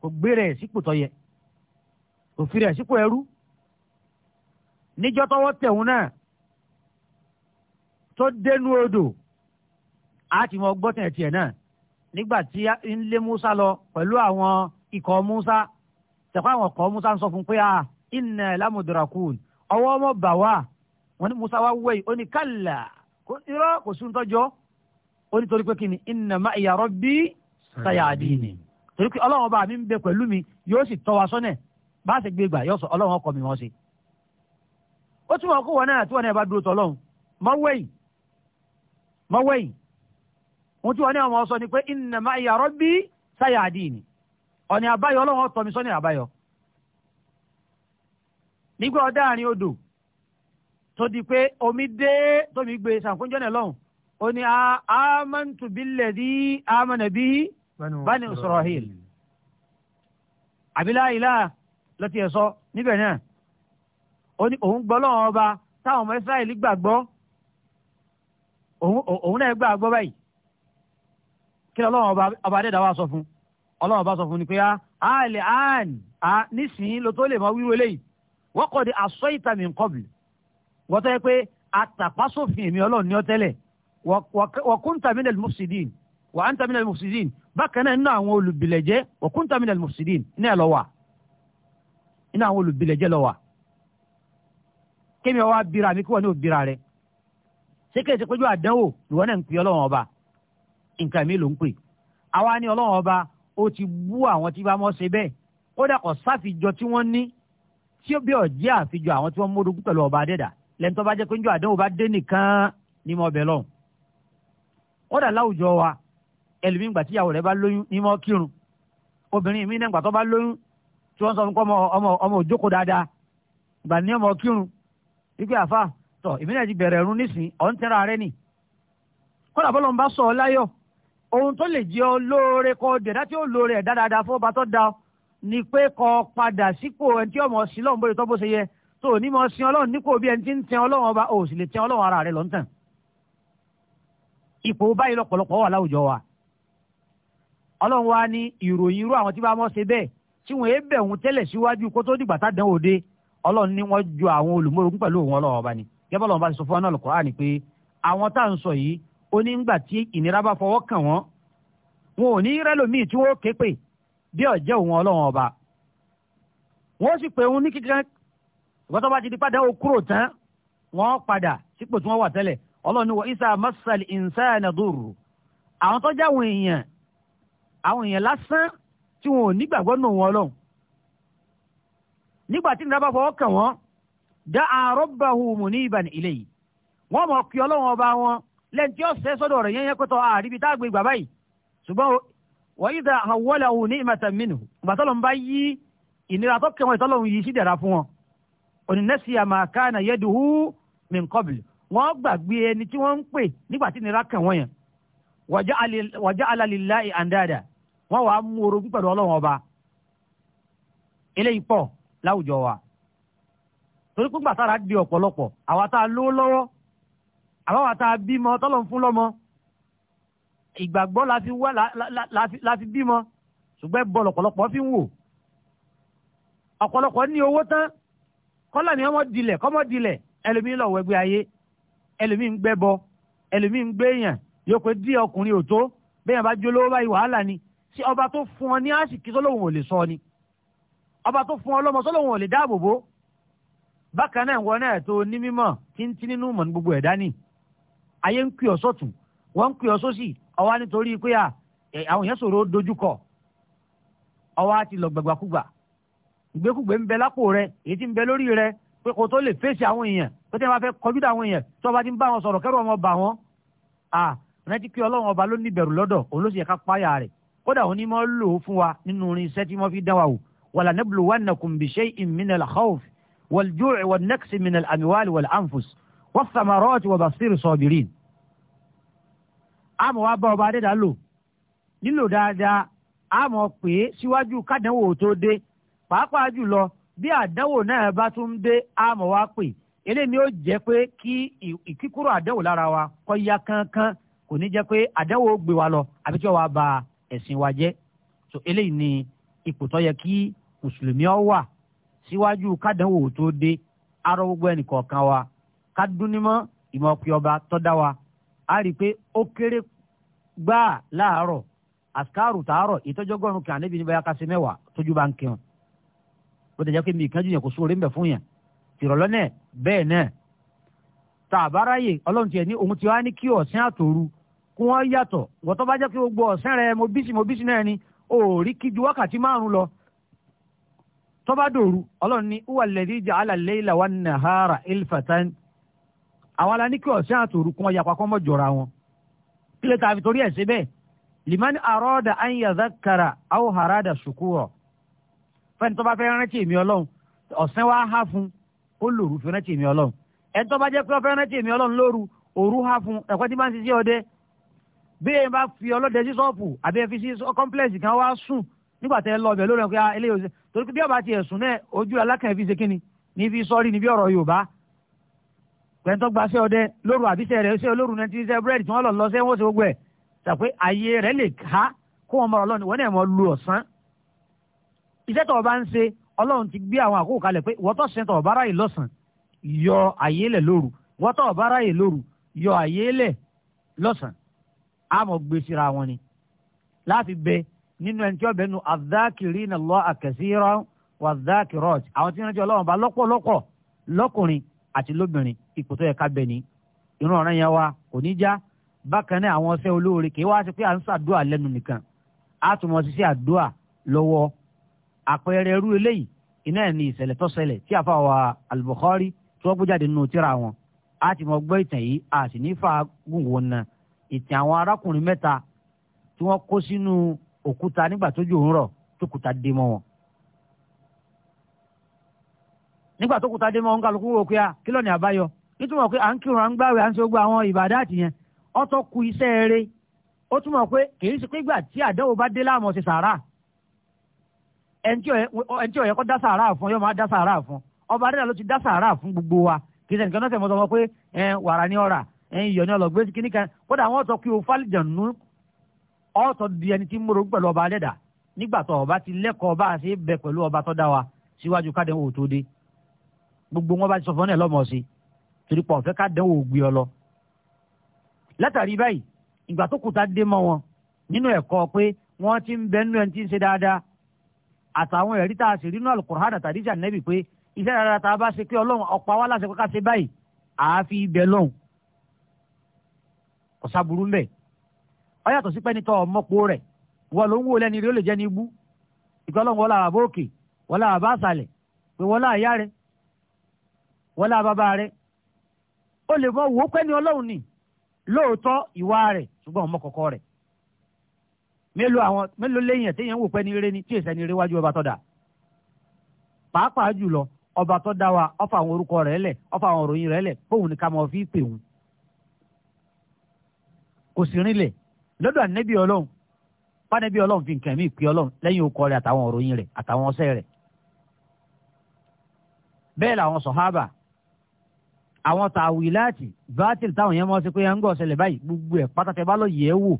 kò gbé rẹ̀ sípò tó yẹ kò fi rẹ̀ sípò ẹrú níjọ́ tọwọ́ tẹ̀hún náà tó dénú odò á ti mọ gbọ́tàn ẹ̀tì ẹ̀ náà nígbà tí ń lé Musa lọ pẹ̀lú àwọn ikọ̀ Musa tẹ̀kọ́ àwọn ikọ̀ Musa ń sọ fún pé a inna lamudrakun ọwọ́ ọmọ bà wọn ni Musa wá wẹ̀ ó ní kálá irọ́ kò sún tọ́jọ́ ó ní torí pé kí ni inna ma'iya rabbi sayadini torí pé ọlọ́run ọba mi ń bẹ pẹ̀lú mi yóò sì tọ́ wa sọ́nẹ̀ bá a sì gbé gbà yóò sọ ọlọ́run ọkọ mi wọ́n ṣe. ó túmọ̀ kó wọn náà tí wọn náà bá dúró tọ́lọ́run mọ́wẹ́yìn mọ́wẹ́yìn ohun tí wọn náà wọ́n sọ ni pé inna ma'iya rabbi sayadini ọ̀nì àbáyọ ọlọ́run ọtọ mi sọ́nẹ̀ àbáyọ. nígbà odò tó di pé omi dé tómi gbé lọ́hùn ó ní amantu billadhi amana bihi bani israhil àbí la ilaha ló tiẹ̀ sọ níbẹ̀ náà ó ní òun gbọ́ lọ́wọ́ ọba táwọn ọmọ israẹli gbàgbọ́ òun náà gbàgbọ́ báyìí kí ọlọ́run ọba adẹ́dá wa sọ fún ọlọ́run ọba sọ fún ni pé a lè àn á nísìnyí ló tó lè mọ wíwé léyìí wọ́n kọ́ di asọ́ nǹkan bì wọ́n tẹ́ pé àtàpásòfin èmi ọlọ́run ní tẹ́lẹ̀ وكنت من المفسدين وأنت من المفسدين بكنا إنا أقول بلجة وكنت من المفسدين إنا لوا إنا أقول بلجة لوا kémi ọwọ́ abira mi kí wọ́n ní òbira rẹ̀ ṣé kí ẹsẹ̀ péjú àdánwò ìwọ náà ń pè ọlọ́wọ́n ọba nǹkan mi ló ń pè àwa ni ọlọ́wọ́n ọba ó ti bú àwọn tí bá mọ́ ṣe bẹ́ẹ̀ kódà kò sáfìjọ tí wọ́n ní tí ó bí ọ̀jẹ́ àfijọ àwọn tí wọ́n módogún pẹ̀lú ọba adẹ́dà lẹ́nu tó bá jẹ́ pé ń jọ àdánwò bá dé nìkan ní mọ́ ọbẹ̀ lọ́hùn kódà láwùjọ wa ẹlòmíì ìgbà tíyàwó rẹ̀ bá lóyún ní mọ́ kírun obìnrin mi náà ìgbà tó bá lóyún tí wọ́n sọ fún kọ́ ọmọ ọmọ òjókòó dáadáa ìgbà ní ọmọ kírun wípé àfa tọ èmi náà ti bẹ̀rẹ̀ ẹ̀rún nísìn ọ̀n tẹ́ra rẹ nì kódà bọ́lá ń bá sọ ọ láyọ̀ ohun tó lè jẹ́ ọ lóore kọ dẹ̀dá tí ó lóore ẹ̀dá dáadáa fún ọba tó da ni pé kó padà sípò ẹni tí ọmọ sí lọ́nbọ̀lẹ̀ tó bó ṣe yẹ tó ní mọ̀ sí ọlọ́run nípò bí ẹni tí ń tẹ ọlọ́run ọba ò sì lè tẹ ọlọ́run ara rẹ lọ́ntàn ipò báyìí lọ́pọ̀lọpọ̀ wà láwùjọ wa ọlọ́run wa ní ìròyìn irú àwọn tí bá mọ́ ṣe bẹ́ẹ̀ tí wọ́n ebẹ̀ òun tẹ́lẹ̀ síwájú kó tó dìgbà tádàn òde ọlọ́run ní wọ́n ju àwọn olùmọ̀rògún pẹ̀lú òun ọlọ́run ọba ni gẹ́gẹ́ ọlọ́run bá ti sọ fún ọ́nà lùkọ́ àní pé àwọn tá à ń sọ yìí ó ní ńgbà tí ìnira bá fọwọ́ kàn wọ́n wọn ò ní rẹ́lòmíì tí wọ́n ké pè bí ọ̀jẹ́ òun ọlọ́run ọba wọ́n sì pé òun ní kíkan ìgbọ́tọ́ bá ti di padà ó kúrò tán wọ́n padà sípò tí wọ́n wà tẹ́lẹ̀ ọlọ́run ní wọ isa masal insana duru àwọn tó jẹ́ àwọn èèyàn àwọn èèyàn lásán tí wọn ò nígbàgbọ́ nù wọn lọ́hùn nígbà tí nìyàbá fọwọ́ kàn wọ́n dá rabbahu muniban ilayhi wọ́n mọ̀ kí ọlọ́run ọba wọn lẹ́yìn tí ó sẹ́ sọ́dọ̀ rẹ̀ yẹn yẹn pẹ́tọ́ àríbi tá a gbé gbàgbá yìí ṣùgbọ́n wọ́n yìí dá àwọ̀lẹ̀ òun ní ìmọ̀tẹ̀ mínú ìgbà tọ́lọ̀ ń bá yí ìnira tó kẹwọn ìtọ́lọ̀ yìí sí dẹ̀ra fún wọn òní nẹ́sì àmàkánà yẹ́dùhú min wọ́n gbàgbé ẹni tí wọ́n ń pè nígbà tí nira kàn wọ́n yẹn wàjá alalilá àndáàdà wọ́n wàá mú orogún pẹ̀lú ọlọ́wọ́n ọba eléyìí pọ̀ láwùjọ wa torí pé gbàtà rà di ọ̀pọ̀lọpọ̀ àwa tá a lówó lọ́wọ́ àwa wà tá a bímọ tọ́lọ̀ fún lọ́mọ ìgbàgbọ́ la fi wá la fi bímọ ṣùgbọ́n bọ́ọ̀lù ọ̀pọ̀lọpọ̀ fi ń wò ọ̀pọ̀lọpọ̀ ní owó tán kọ́lá ni wọ́n dilẹ̀ kọ́mọ́ dilẹ̀ ẹlòmíín lọ́wọ́ ẹgbẹ́ ayé ẹlòmíì ń gbẹ́bọ ẹlòmíì ń gbéyàn yóò pé díẹ̀ ọkùnrin ò tó béèyàn bá jólówó báyìí wàhálà ni ṣé ọba tó fún ọ ní àsìkí sọlọ́hún ò lè sọ ni ọba tó fún ọ lọ́mọ sọlọ́hún ò lè dáàbò bò bákan náà wọn náà tó ní mímọ̀ tíntín nínú mọ̀ ní gbogbo ẹ̀dá ni ayé ń kí ọ wọ́n ń kí ọ sósì nítorí pé àwọn èèyàn ṣòro dojúkọ ọwá ti lọ gbàgbàkúgbà ìgbékùgbé ń bẹ lápò rẹ èyí tí ń bẹ lórí rẹ pé kò tó lè fèsì àwọn èèyàn pé tí wọn bá fẹ́ kọjú dà àwọn èèyàn tí wọn bá ti ń bá wọn sọ̀rọ̀ kẹrù ọmọ bà wọn à rántí pé Ọlọ́run ọba ló ní ìbẹ̀rù lọ́dọ̀ òun ló sì yẹ ká páyà rẹ̀ kódà òun ni mo lò ó fún wa nínú orin iṣẹ́ tí wọ́n fi dá wa wò wàlà nebulu wa nàkùn bí ṣe ìmìnà làkàwọf wàljú ìwọ̀n nẹ́kṣì mìnà àmìwálì wàlà ànfus wọ́n sàmàrọ́ ọ̀tí bí àdánwò náà bá tún ń dé àmọ́ wa pè eléyìí ni ó jẹ́ pé kí ìkíkúrò àdánwò lára wa kó ya kánkán kò ní jẹ́ pé àdánwò ó gbé wa lọ àbí tí wàá ba ẹ̀sìn wa jẹ́ so eléyìí ni ipò tó yẹ kí mùsùlùmí ọ wà síwájú kádánwò tó dé arọ gbogbo ẹnì kọ̀ọ̀kan wa ká dúnímọ́ ìmọ̀ ọ̀pẹ ọba tó dá wa a rí i pé ó kéré gbáà láàárọ̀ àsìkò àrùtàárọ̀ ìtọ́jọ́gọ́rùn-ún kan níbi níbi ayákásí mẹ́wàá tójú bá ń kírun bó ti jẹ́ pé mi ìkánjú yẹn kò sóore ń bẹ̀ fún yẹn tìrọ̀lọ́ náà bẹ́ẹ̀ náà tá a bá ráyè ọlọ́run tiẹ̀ ní òun ti wá ní kí ọ̀sán àtòru kí wọ́n yàtọ̀ wọ́n tó bá jẹ́ pé gbogbo ọ̀sán rẹ mo bísí mo bísí náà ni o ò rí kí ju wákàtí márùn lọ tó bá dòru ọlọ́run ní wà lẹ́dí ìjà alàlẹ́ ìlà nàhárà ilfatan àwọn alá ní kí ọ̀sán àtòru kí wọ́n yàpá kọ́ mọ́ jọra fẹ́ni tó bá fẹ́ rántí èmi ọlọ́run ọ̀sán wa há fún ó lòru fi rántí èmi ọlọ́run ẹni tó bá jẹ́ pé ó fẹ́ rántí èmi ọlọ́run lóru òru há fún ẹ̀kọ́ tí bá ń ṣiṣẹ́ ọdẹ bí èèyàn bá fi ọlọ́dẹ sí ṣọ́ọ̀pù àbí ẹ fi sí kọ́ńplẹ̀sì kan wá sùn nígbà tẹ́ lọ ọbẹ̀ lórí ẹ̀kọ́ ah, eléyìí ọ̀sẹ̀ torí pé bí ọba tiẹ̀ sùn náà ojú alákàn fi ṣe kíni ní fi sọ́ọ́rí ní bí ṣe olóru iṣẹ́ tó o bá ń ṣe ọlọ́run ti gbé àwọn àkókò kalẹ̀ pé wọ́tọ̀ ṣe tó o bá ráyè lọ́sàn yọ àyè lẹ̀ lóru wọ́tọ̀ o bá ráyè lóru yọ àyè lẹ̀ lọ́sàn àmọ́ gbé síra wọn ni láti bẹ nínú ẹni tí ó bẹ nu adh-dhakirina Allaha kathiran wadh-dhakirat àwọn tí wọ́n ti ọlọ́run bá lọ́pọ̀lọpọ̀ lọ́kùnrin àti lóbìnrin ipò tó yẹ ká bẹ ní irun ọ̀ràn yẹn wa kò ní já bákan náà àwọn ọsẹ olóore kì í wá sí pé à ń ṣàdúà lẹ́nu nìkan á tún mọ ṣiṣẹ́ àdúà lọ́wọ́ àpẹẹrẹ irú eléyìí iná ẹ̀ ní ìṣẹ̀lẹ̀ tó ṣẹlẹ̀ tí àfàwà Al-Bukhari tí wọ́n gbé jáde nínú tíra wọn a ti mọ gbọ́ ìtàn yìí a sì ní fàágùn wọn na ìtàn àwọn arákùnrin mẹ́ta tí wọ́n kó sínú òkúta nígbà tójò ń rọ̀ tó kúta dé mọ́ wọn. nígbà tó kúta dé mọ́ wọn kálukú wò pé kí lọ́ọ̀nì àbáyọ nítorí pé à ń kírun à ń gbàwé à ń ṣe gbogbo àwọn ìbàdá àtìyẹn ọtọ́ ku iṣẹ́ eré ó túmọ̀ pé kì í ṣe pé ìgbà tí àdánwò bá dé láàmú ọ̀sẹ̀ sàárà ẹnjẹ ọyẹ kọ dasa ara fún yọọ dasa ara fún ọba adéla ló ti dasa ara fún gbogbo wa kì í ṣe nìkan náà sẹmọtò ọmọ pé ẹ wàrà ní ọrà ẹ iyọ̀ ní ọlọgbẹ kíní kan kódà àwọn ọtọ kí o fàlìjànú ọtọ di ẹni tí múro pẹ̀lú ọba adéda nígbà tó ọba ti lẹ́kọ̀ọ́ bá a ṣe bẹ pẹ̀lú ọba tó dá wa síwájú kádẹ wò tó dé gbogbo wọn bá ti sọ fún ẹ lọmọ sí torí pọ ọfẹ kádẹ wò gbé ọ lọ látàrí báyìí ìgbà tó kùtà dé mọ wọn nínú ẹ̀kọ́ pé wọn ti ń bẹ nínú ẹni tí ń ṣe dáadáa àtàwọn ẹ̀rí tá a sì rí nínú Al-Qur'an àtàrí ìjà nẹ́bì pé iṣẹ́ dáadáa tá a bá ṣe pé ọlọ́run ọ̀pá wa láṣẹ pé ká ṣe báyìí àáfi ibẹ̀ lọ́hùn ọ̀sàbùrú mbẹ̀ ọ yàtọ̀ sí pẹ́ni tọ́ ọmọpo rẹ̀ wọ́n ló ń wò lẹ́ni rí ó lè jẹ́ ní ibú ìgbọ́lọ́hùn wọ́n làwọn àbókè wọ́n làwọn àbá àṣàlẹ̀ pé wọ́n láàyá rẹ̀ wọ́n làwọn bàbá rẹ̀ ó lè mọ wò ó pẹ́ni ọlọ́run ni lóòótọ́ ìwà rẹ̀ ṣùgbọ́n ọmọ kọ̀ọ̀kọ̀ rẹ̀ mélòó àwọn mélòó lẹ́yìn ẹ̀ téèyàn wò pé ní eré ni tí èsẹ̀ ni eré wájú ọba tó dà pàápàá jùlọ ọba tó dá wa ọfà àwọn orúkọ rẹ̀ lẹ̀ ọfà àwọn òròyìn rẹ̀ lẹ̀ fóun ní ká mọ fi pè wọn. kò sí rinlẹ̀ lọ́dọ̀ ànẹ́bí ọlọ́run pánẹ́bí ọlọ́run fi nǹkan mí pè ọlọ́run lẹ́yìn okọ rẹ̀ àtàwọn òròyìn rẹ̀ àtàwọn ọsẹ rẹ̀. bẹ́ẹ̀ làwọn sọ̀hábà àwọn tàwíláàtì bátìrì táwọn yẹn mọ́ sí pé ẹ̀ ń gọ̀ ọ̀sẹ̀ lẹ̀ báyìí gbogbo ẹ̀ pátákẹ́ bá lọ yẹ̀ wò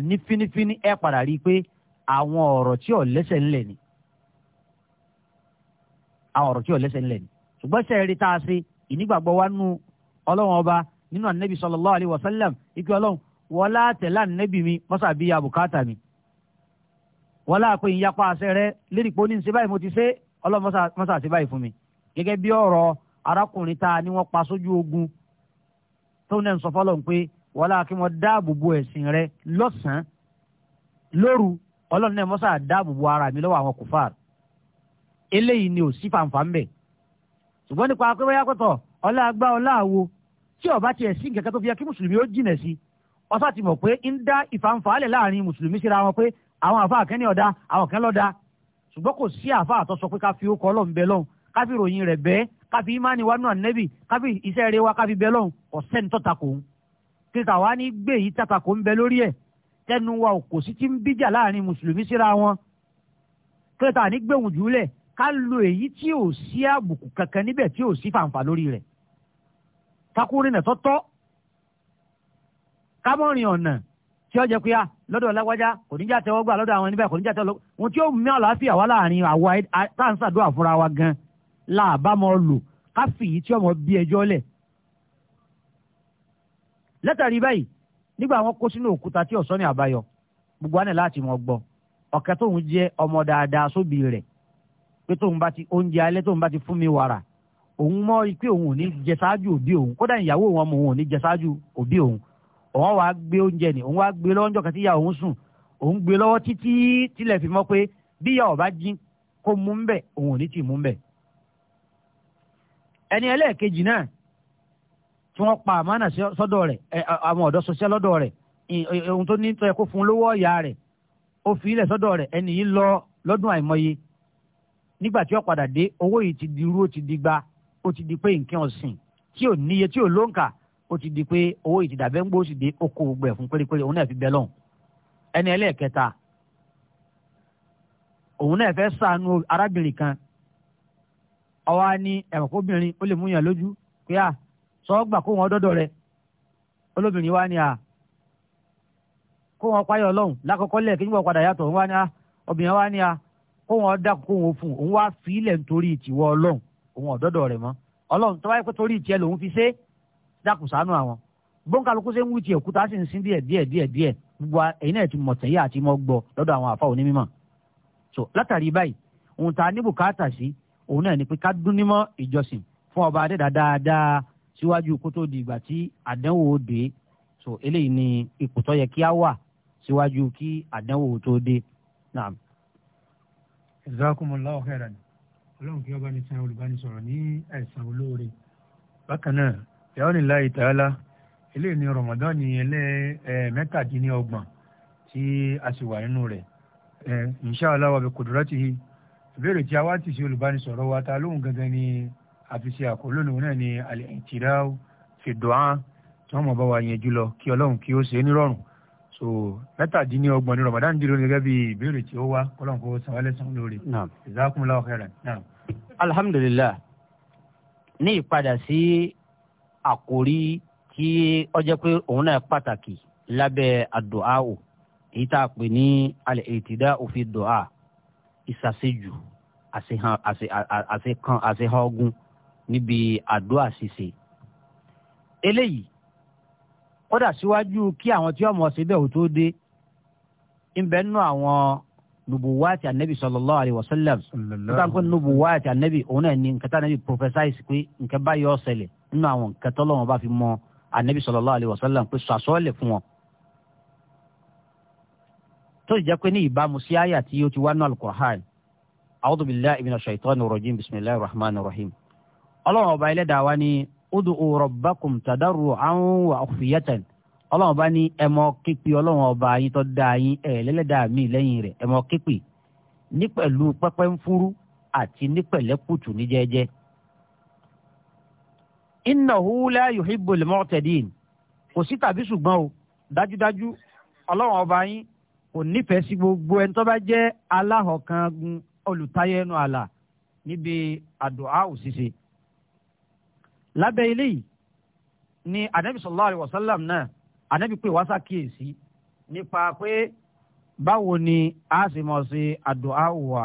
ní fínífíní ẹ padà rí i pé àwọn ọ̀rọ̀ tí ò lẹ́sẹ̀ ńlẹ̀ ni àwọn ọ̀rọ̀ tí ò lẹ́sẹ̀ ńlẹ̀ ni ṣùgbọ́n sẹ́ẹ̀rí tá a ṣe ìnígbàgbọ́ wa nù ọlọ́run ọba nínú ànábì sallallahu alaihi wasallam ike ọlọ́run wọlá tẹ̀lá ànábì mi mọ́sà bí ya bùkátà mi wọlá pé ń yapa àṣẹ rẹ lérí pé ó ní ṣe báyìí mo ti ṣe ọlọ́run mọ́sà ṣe báyìí ni wọ́n pa sójú ogun tó wọlá kí wọn dáàbò bo ẹ̀sìn rẹ lọ́sàn-án lóru ọlọ́run náà mọ́sá dáàbò bo ara mi lọ́wọ́ àwọn kùfàr eléyìí ni ò sí fàǹfà ń bẹ̀ ṣùgbọ́n nípa akẹ́wẹ́yà pẹ̀tọ̀ ọlá agbá ọlá àwo tí ọba tiẹ̀ sí nǹkan tó fi yẹ kí mùsùlùmí ó jìnà sí ọsà ti mọ̀ pé ń dá ìfàǹfàálẹ̀ láàrin mùsùlùmí síra wọn pé àwọn àfáà kan ní àwọn kan lọ́dà ṣùgbọ́n kò sí àfáà tó sọ pé ká fi ó kọ́ bẹ lọ́hùn ká fi ròyìn rẹ̀ bẹ́ẹ̀ ká fi ìmánìwánú ànẹ́bì ká fi iṣẹ́ rẹ̀ wá ká fi bẹ lọ́hùn ọ̀sẹ́ni tó takò títà wá ní gbé yìí tàtàkó ń bẹ lórí ẹ̀ tẹnu wa kò sí ti ń bíjà láàrin mùsùlùmí síra wọn kílẹ̀tà ní gbẹ̀wùn jùlẹ̀ ká lo èyí tí ò sí àbùkù kankan níbẹ̀ tí ò sí fàǹfà lórí rẹ̀ takurin ẹ̀ tọ́tọ́ kámọ́rin ọ̀nà tí ó jẹ́ pé a ah, lọ́dọ̀ lágbájá kò ní já tẹ́wọ́ gbà lọ́dọ̀ àwọn níbẹ̀ kò ní já tẹ́wọ́ wọn tí ó mú àlàáfíà wá láàrin àwa tá à ń wa gan láàbámọ́ lò ká fìyí tí ọmọ bí ẹjọ́ lẹ̀ látàrí báyìí nígbà wọn kó sínú òkúta tí ọ̀sán ní àbáyọ gbogbo àná láti mọ gbọ́ ọ̀kẹ́ tóun jẹ́ ọmọ dáadáa sóbì rẹ̀ pé tóun bá ti oúnjẹ alẹ́ tóun bá ti fún mi wàrà òun mọ̀ pé òun ò ní jẹ ṣáájú òbí òun kódà ìyàwó òun ọmọ òun ò ní jẹ ṣáájú òbí òun òun wàá gbé oúnjẹ ni òun wàá gbé lọ́wọ́ kàtí ìyá òun sùn òun gbé lọ́wọ́ títí tilẹ̀ fi mọ̀ pé bí ìyá ọba jí kó mú ń bẹ̀ òun ò ní tì mú ń bẹ̀. ẹni ẹlẹ́ẹ̀kejì náà tí wọ́n pa àmánà sọ́dọ̀ rẹ̀ àwọn ọ̀dọ́ sọṣẹ́ lọ́dọ̀ rẹ̀ ohun tó ní tọ́ ẹ kó fún lówó ọ̀yà rẹ̀ ó fi ilẹ̀ sọ́dọ̀ rẹ̀ ẹni yìí lọ lọ́dún àìmọye nígbà tí ó padà dé owó yìí ti di irú ó ti di gba ó ti di pé nǹkan ọ̀sìn tí ò níye tí ò ó ti di pé owó yìí ti dàbẹ́ ń gbó ó sì dé fún òun náà fi bẹ lọ́hùn sọ́gbà kó wọn dọ́dọ̀ rẹ olóbìnrin wa ni a kó wọn payọ ọlọ́run lákọ̀ọ́kọ́ lẹ̀ kí wọ́n padà yàtọ̀ òun wa ni a obìnrin wa ni a kó wọn dàkú kó wọn fún òun wa sílẹ̀ nítorí ìtìwọ́ ọlọ́run òun ọ̀dọ́dọ̀ rẹ mọ́ ọlọ́run tó wáyé pé torí ìtìẹ lòun fi ṣe dákù sánú àwọn bóńkálukú ṣe ń wí tiẹ̀ kúta sì ń sin díẹ̀ díẹ̀ díẹ̀ díẹ̀ gbogbo ẹ̀yin náà ti mọ̀ tẹ́yà àti mọ̀ gbọ́ lọ́dọ̀ àwọn àfa onímọ̀ so látàrí báyìí òun ta ní bùkátà sí òun náà ni pé ká dún nímọ̀ ìjọsìn fún ọba adẹ́dà dáadáa síwájú kó tó di ìgbà tí àdánwò dé so eléyìí ni ipò tó yẹ kí á wà síwájú kí àdánwò tó dé. jazakumullahu khairan ọlọ́run kí ọba ní sàn olùbánisọ̀rọ̀ ní ẹ̀sán olóore bákan náà yàrá nílá ìtàlá eléyìí ni Ramadan ní ẹlẹ́ mẹ́tàdínlọ́gbọ̀n tí a sì wà nínú rẹ̀ insha Allah wa bi qudratihi ìbéèrè tí a wá ti ṣe olùbánisọ̀rọ̀ wa ta lóhùn gangan ni àfi ṣe àkóló lòun náà ni al-i'tidā'u fi du'ā tí wọ́n mọ̀ bá wa yẹn jù lọ kí ọlọ́run kí ó ṣe é nírọ̀rùn so mẹ́tàdínlọ́gbọ̀n ní Ramadan dúró gẹ́gẹ́ bí ìbéèrè tí ó wá kọ́lọ́n kó san wálé san lórí. jazakumullahu khairan. alhamdulillah ní ìpadà sí àkórí tí ó jẹ́ pé òun náà pàtàkì lábẹ́ àdùá o èyí tá a pè ní al-i'tidā fi du'ā ìsàsejù àṣehàn àṣehàn ogun níbi àdúrà ṣíṣe eléyìí kódà síwájú kí àwọn tí ọmọ ṣe bẹ́ẹ̀ ò tó dé ńbẹ nínú àwọn nubuwaati anabi sallallahu alayhi wa sallam nígbà pé nubuwaati anabi òun náà ni nǹkan tá anabi prophesize pé nǹkan báyìí ó ṣẹlẹ̀ nínú àwọn nǹkan tọ́lọ́wọ́n bá fi mọ anabi sallallahu alayhi wa sallam pé sọ àsọ́ọ̀lẹ̀ fún wọn tó sì jẹ́ pé ní ìbámu sí àyà tí ó ti wá náà al-Qur'an a'udhu billahi minash shaitani rajim bismillahir rahmanir rahim. ọlọ́run ọba ẹlẹ́dàá wa ni ud'u rabbakum tadarru'an wa khufiyatan ọlọ́run ọba ní ẹmọ ọlọ́run ọba yín yín lẹ́yìn rẹ̀ ní pẹ̀lú pẹ́pẹ́ ń àti ní ní jẹ́jẹ́. kò o dájúdájú ọlọ́run ọba yín kò nífẹ̀ẹ́ sí gbogbo ẹni tó bá jẹ́ aláhọ̀kan àlà níbi òṣìṣẹ́ lábẹ́ eléyìí ni anabi sallallahu alayhi wa sallam náà anabi pè wá sàkíyèsí nípa pé báwo ni a sì mọ̀ sí àdúà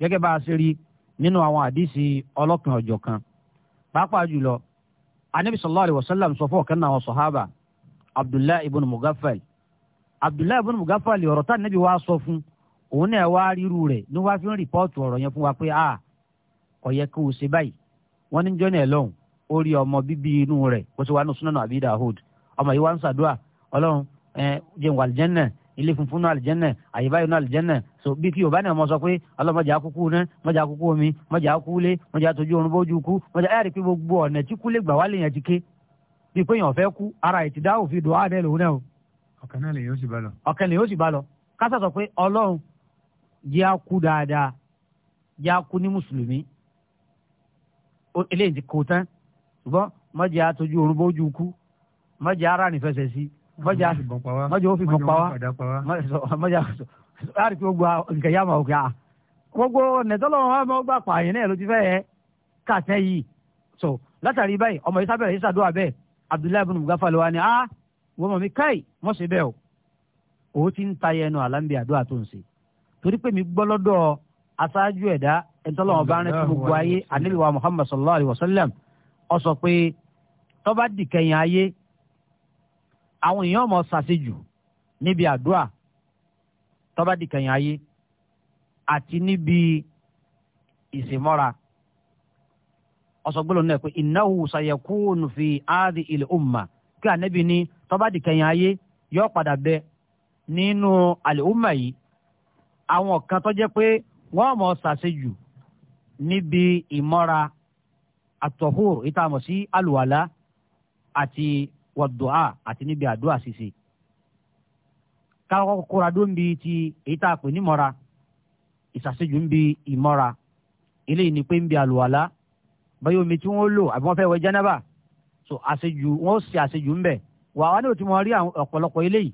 gẹ́gẹ́ bá a ṣe rí nínú àwọn kan jùlọ anabi sallallahu alayhi wa sallam sọ fún ọ̀kan náà sọ̀hábà abdullahi ibn mugafal abdullahi ibn mugafal ọ̀rọ̀ tá anabi wá sọ fún òun náà wá ríru rẹ̀ ní fi ń rìpọ́ọ̀tù ọ̀rọ̀ yẹn a ah, kò yẹ kó o ṣe báyìí wọ́n ní ó rí ọmọ bíbí inú rẹ̀ kó sì wá ní dahud ọmọ yìí wá ń ṣàdúrà ọlọ́run jẹ́ wà àlìjẹ́nà ilé funfun náà àlìjẹ́nà àyè so bí kí yorùbá náà ọmọ sọ pé ọlọ́mọdé akúkú ná mọ́jà akúkú omi mọ́jà akúlé mọjà tójú orun bójú kú pé gbogbo ọ̀nà tí kúlé gbà wálé yẹn ti ara ẹ̀ ti dá òfin dùn áàdẹ́ lòun náà o. ṣùgbọ́n mọ̀jẹ̀ àtọ́jú orúbójú kú mọ̀jẹ̀ ara nìfẹsẹ̀ sí mọ̀jẹ̀ mọ̀jẹ̀ ó fi bọ̀ pa wá mọ̀jẹ̀ láti fi gbogbo nǹkan yá máa gbà ah, gbogbo nẹ̀tọ́lọ́wọ́n wa máa gbà pààyàn náà ló ti fẹ́ yẹ yìí so látàrí báyìí ọmọ yìí sábẹ̀rẹ̀ yìí sàdúrà bẹ́ẹ̀ Abdullahi ibn Mugafa ló wá ní ah wọ́n mọ̀ mí káì mọ̀ sí bẹ́ẹ̀ o òun ti ń ta yẹnu àlámbí àdúrà tó ń ṣe torí pé mi gbọ́ lọ́dọ̀ aṣáájú ẹ̀dá ẹ̀tọ́lọ́wọ́n bá rẹ̀ fún gbogbo ayé ànílùwà Muhammad sallallahu alayhi wa sallam ọ sọ pé tọ́ba dìkẹyìn ayé àwọn èèyàn mọ̀ ṣàṣejù níbi àdúrà tọ́ba dìkẹyìn ayé àti níbi ìsìmọ́ra ọ̀sọ̀gbọ́n náà pé ìnáwó sàyẹ̀kúnù fi áàdì ilẹ̀ umma kí ànábì ní tọ́ba dìkẹyìn ayé yóò padà bẹ nínú àlẹ́ umma yìí àwọn kan tó pé wọ́n mọ̀ ṣàṣejù níbi ìmọ́ra àtọ̀húr ìtààmọ̀ sí àlùwàlá àti wàdùá àti níbi àdúrà ṣíṣe. káwọn kóra dó ń bi ti èyí tá a pè ní mọ́ra ìṣàṣejù ń bi ìmọ́ra eléyìí ni pé ń bi àlùwàlá báyọ̀ omi tí wọ́n lò àbí wọ́n fẹ́ wẹ̀ jánábà so àṣejù wọ́n ṣe àṣejù ń bẹ̀ wà wá ní òtí wọn rí ọ̀pọ̀lọpọ̀ eléyìí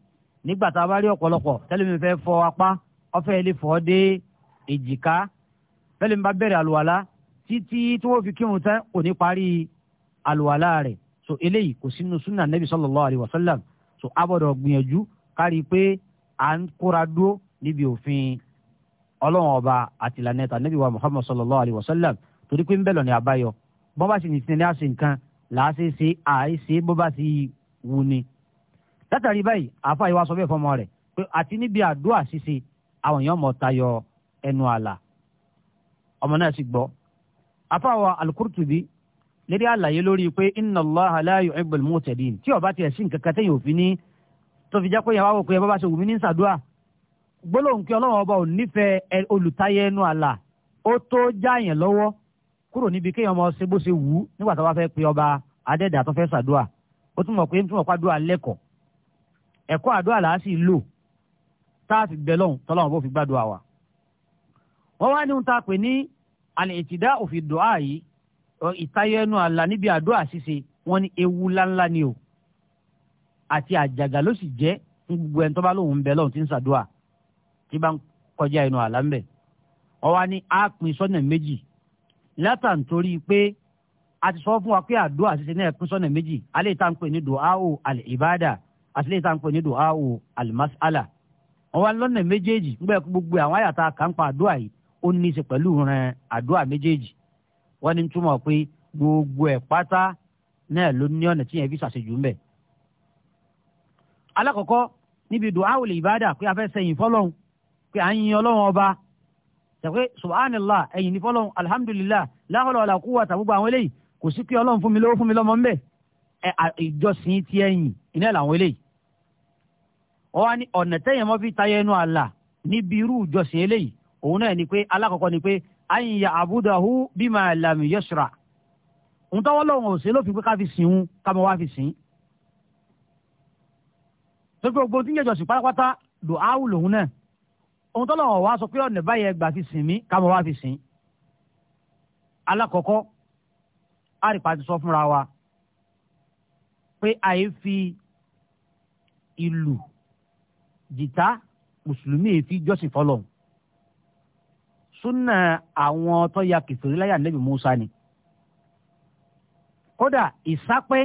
nígbà tá a bá rí ọ̀pọ̀lọpọ̀ tẹ́lẹ̀mí fẹ́ fọ apá ọ̀fẹ́ ilé fọ́ dé èjìká tẹ́lẹ̀mí bá bẹ̀rẹ̀ àlùwàlá títí tí wọ́n fi kírun tán kò ní parí àlùwàlá rẹ̀ so eléyìí kò sínú sunna nabi sallallahu alayhi wa sallam so abọ́dọ̀ gbìyànjú kárí pé à ń kóra dúró níbi òfin ọlọ́run ọba àti ìlànà ẹ̀ta nabi wa muhammad sallallahu alayhi wa sallam torí pé ń bẹ̀lọ̀ ní àbáyọ bọ́n bá sì ní sinilẹ́ àṣẹ nǹkan làásì ṣe àìṣe bó bá ti wù ni. látàrí báyìí àáfàá yìí wá sọ bẹ́ẹ̀ fọmọ rẹ̀ pé àti níbi àdúrà ṣíṣe àwọn èèyàn mọ̀ tayọ ẹnu àlà ọmọ náà sì gbọ́ afáwa alukurtubi lédè àlàyé lórí pé inna Allaha la yuhibbul mu'tadin tí ọba tiẹ̀ sí nǹkan kan tẹ̀yìn òfin ní tó fi jẹ́ pé yàrá wò pé bàbá ṣe wùmí ní sàdúà gbólóhùn kí ọlọ́run ọba ò nífẹ̀ẹ́ olùtayé ẹnu àlà ó tó jáàyàn lọ́wọ́ kúrò níbi kéèyàn ọmọ ṣe bó ṣe wù ú nígbà tó bá fẹ́ pe ọba adẹ́dà tó fẹ́ sàdúà ó tún pé tún mọ̀ àlètìdá òfin dùá yìí ìtayẹnu àlà níbi àdúrà ṣíṣe wọn ní ewu ńláńlá ni o àti àjàgà ló sì jẹ́ ń gbogbo ẹni tó bá lóun ń bẹ lọ́hùn tí ń ṣàdúrà tí bá ń kọjá inú àlà ń bẹ ọwọ́ ni a pín sọ́nà méjì látàn torí pé a ti sọ fún wa pé àdúrà ṣíṣe náà pín sọ́nà méjì alẹ́ ìta ń pè ní dùá o àlè ìbáàdà àti ilé ìtàn pè ní dùá o àlè mas'ala ọwọ́ lọ́nà méjèèjì ń gbẹ́ gbogbo àwọn àyàtà kàńpà àdúrà yìí ó ní í ṣe pẹ̀lú rẹ̀ àdúrà méjèèjì wọ́n ní túmọ̀ pé gbogbo ẹ̀ pátá náà ló ní ọ̀nà tí yẹn fi ṣàṣejù ńbẹ̀. alákọ̀ọ́kọ́ níbi duawu lè ìbádà pé a fẹ́ sẹ́yìn fọ́lọ́hún pé à ń yin ọlọ́run ọba ṣàpé subhanallah ẹ̀yìn ní fọ́lọ́hún alhamdulillah láhọ́lọ́ ọ̀làkúwà tàbúgbà àwọn eléyìí kò sí pé ọlọ́run fún mi lówó fún mi lọ́mọ ńbẹ̀ ìjọsìn ti ẹ̀yìn iná làwọn eléyìí. ọ̀nà tẹ́yìn òun náà ni pé alákọ̀ọ́kọ́ ni pé àyìnyà àbúdàhù bímọ àlàmì yẹsùrà òun tọ́wọ́ lọ́wọ́ òsè ló fi pé ká fi sìn un ká mọ wá fi sìn. tó pé gbogbo tí ń jẹjọ sí pátápátá lò áwù lòun náà òun tọ́lọ̀ wọ̀ wá sọ pé ọ̀nà báyẹn ẹgbà fi sìn mí ká mọ wá fi sìn. alákọ̀ọ́kọ́ àrìpá ti sọ fúnra wa pé àyè fi ìlù jìtá mùsùlùmí èéfi jọ́sìn fọlọ́hún súnà àwọn tó ya kìfìrí láyà nẹ́bí Musa ni kódà ìsápẹ́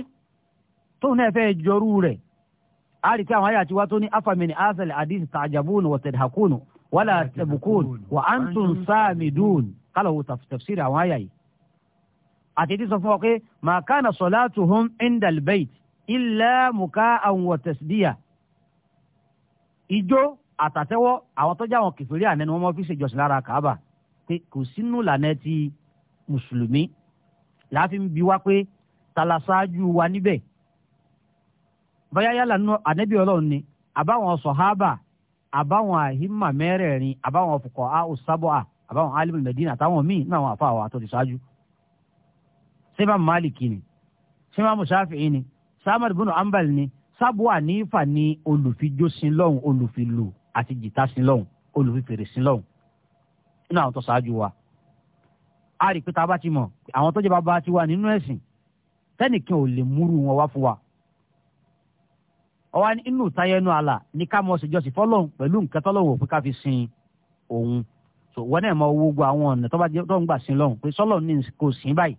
tóun náà fẹ́ jọrú rẹ̀ a rí i pé àwọn àyà tiwa tó ní afamini asal hadith tajabun wa tadhakun wala tabukun wa antum samidun kálọ̀ wò tafsir àwọn àyà yìí àti ti sọ fún ọ pé ma kana salatuhum indal bayt illa muka'an wa tasdiya ijó àtàtẹ́wọ́ àwọn tó jáwọn kìfìrí àná ni wọ́n mọ́ fi ṣèjọsìn lára kàábà pé kò sínú ìlànà ti mùsùlùmí láàfin bí wá pé tala ṣáájú wa níbẹ̀ bóyá yálà nínú ànábì ọlọ́run ni àbáwọn sọ̀hábà àbáwọn àhímà mẹ́rẹ̀ẹ̀rin àbáwọn fukọ̀ àùsábọ̀à àbáwọn alimul medina àtàwọn míì náà wọn àfàwọ̀ àtọ́jú ṣáájú sèmá málìkì ni sèmá musáfìí ni sàmàdì bùnú ambal ni sábò ànífà ni olùfijó sin lọ́hùn olùfilù àti jìtá sin lọ́hùn olùfifèrè nínú àwọn tó ṣáájú wa a rí i pé tá a bá ti mọ̀ àwọn tó jẹ́ bàbá ti wà nínú ẹ̀sìn tẹ́nìkan ò lè múrù wọn wá fún wa ọwọ́ inú tayẹnu àlà ní ká mọ̀ ṣèjọ́sìn fọ́lọ́hún pẹ̀lú nǹkan tọ́lọ́hún òfin ká fi sin òun so wọn náà mọ owó gbọ àwọn ọ̀nà tó bá jẹ́ tó ń gbà sí lọ́hùn pé sọ́lọ́ ní kò sí báyìí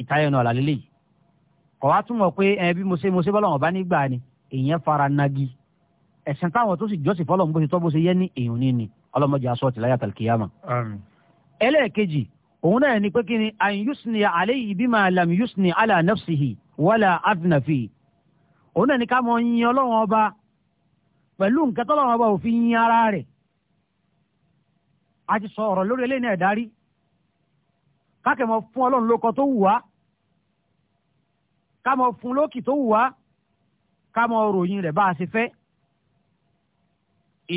ìtayẹnu àlà lélẹ́yìí kọ̀ wá túmọ̀ pé ẹ bí mo ṣe mo ṣe bọ́lọ́hún ọ̀bá nígbà ni èèyàn fara nagi ẹ̀sìn táwọn tó sì jọ́sìn fọlọ́ ń bó ṣe tọ́ bó ṣe yẹ ní èèyàn ní ni ọlọ́mọdé aṣọ àti láyà tàlkìyàmà. ẹlẹ́ẹ̀kejì òun náà ni pé kí ni an yusni alayhi bima lam yusni ala nafsihi wala adna fi òun náà ni ká mọ yin ọlọ́wọ́n ọba pẹ̀lú nǹkan tọ́lọ́wọ́n ọba òfin yin ara rẹ̀ a ti sọ ọ̀rọ̀ lórí eléyìí náà káàkiri mọ fún ọlọ́run lóko tó wù wá ká mọ fún lókì tó wù wá ká mọ ròyìn rẹ̀ bá a ṣe fẹ́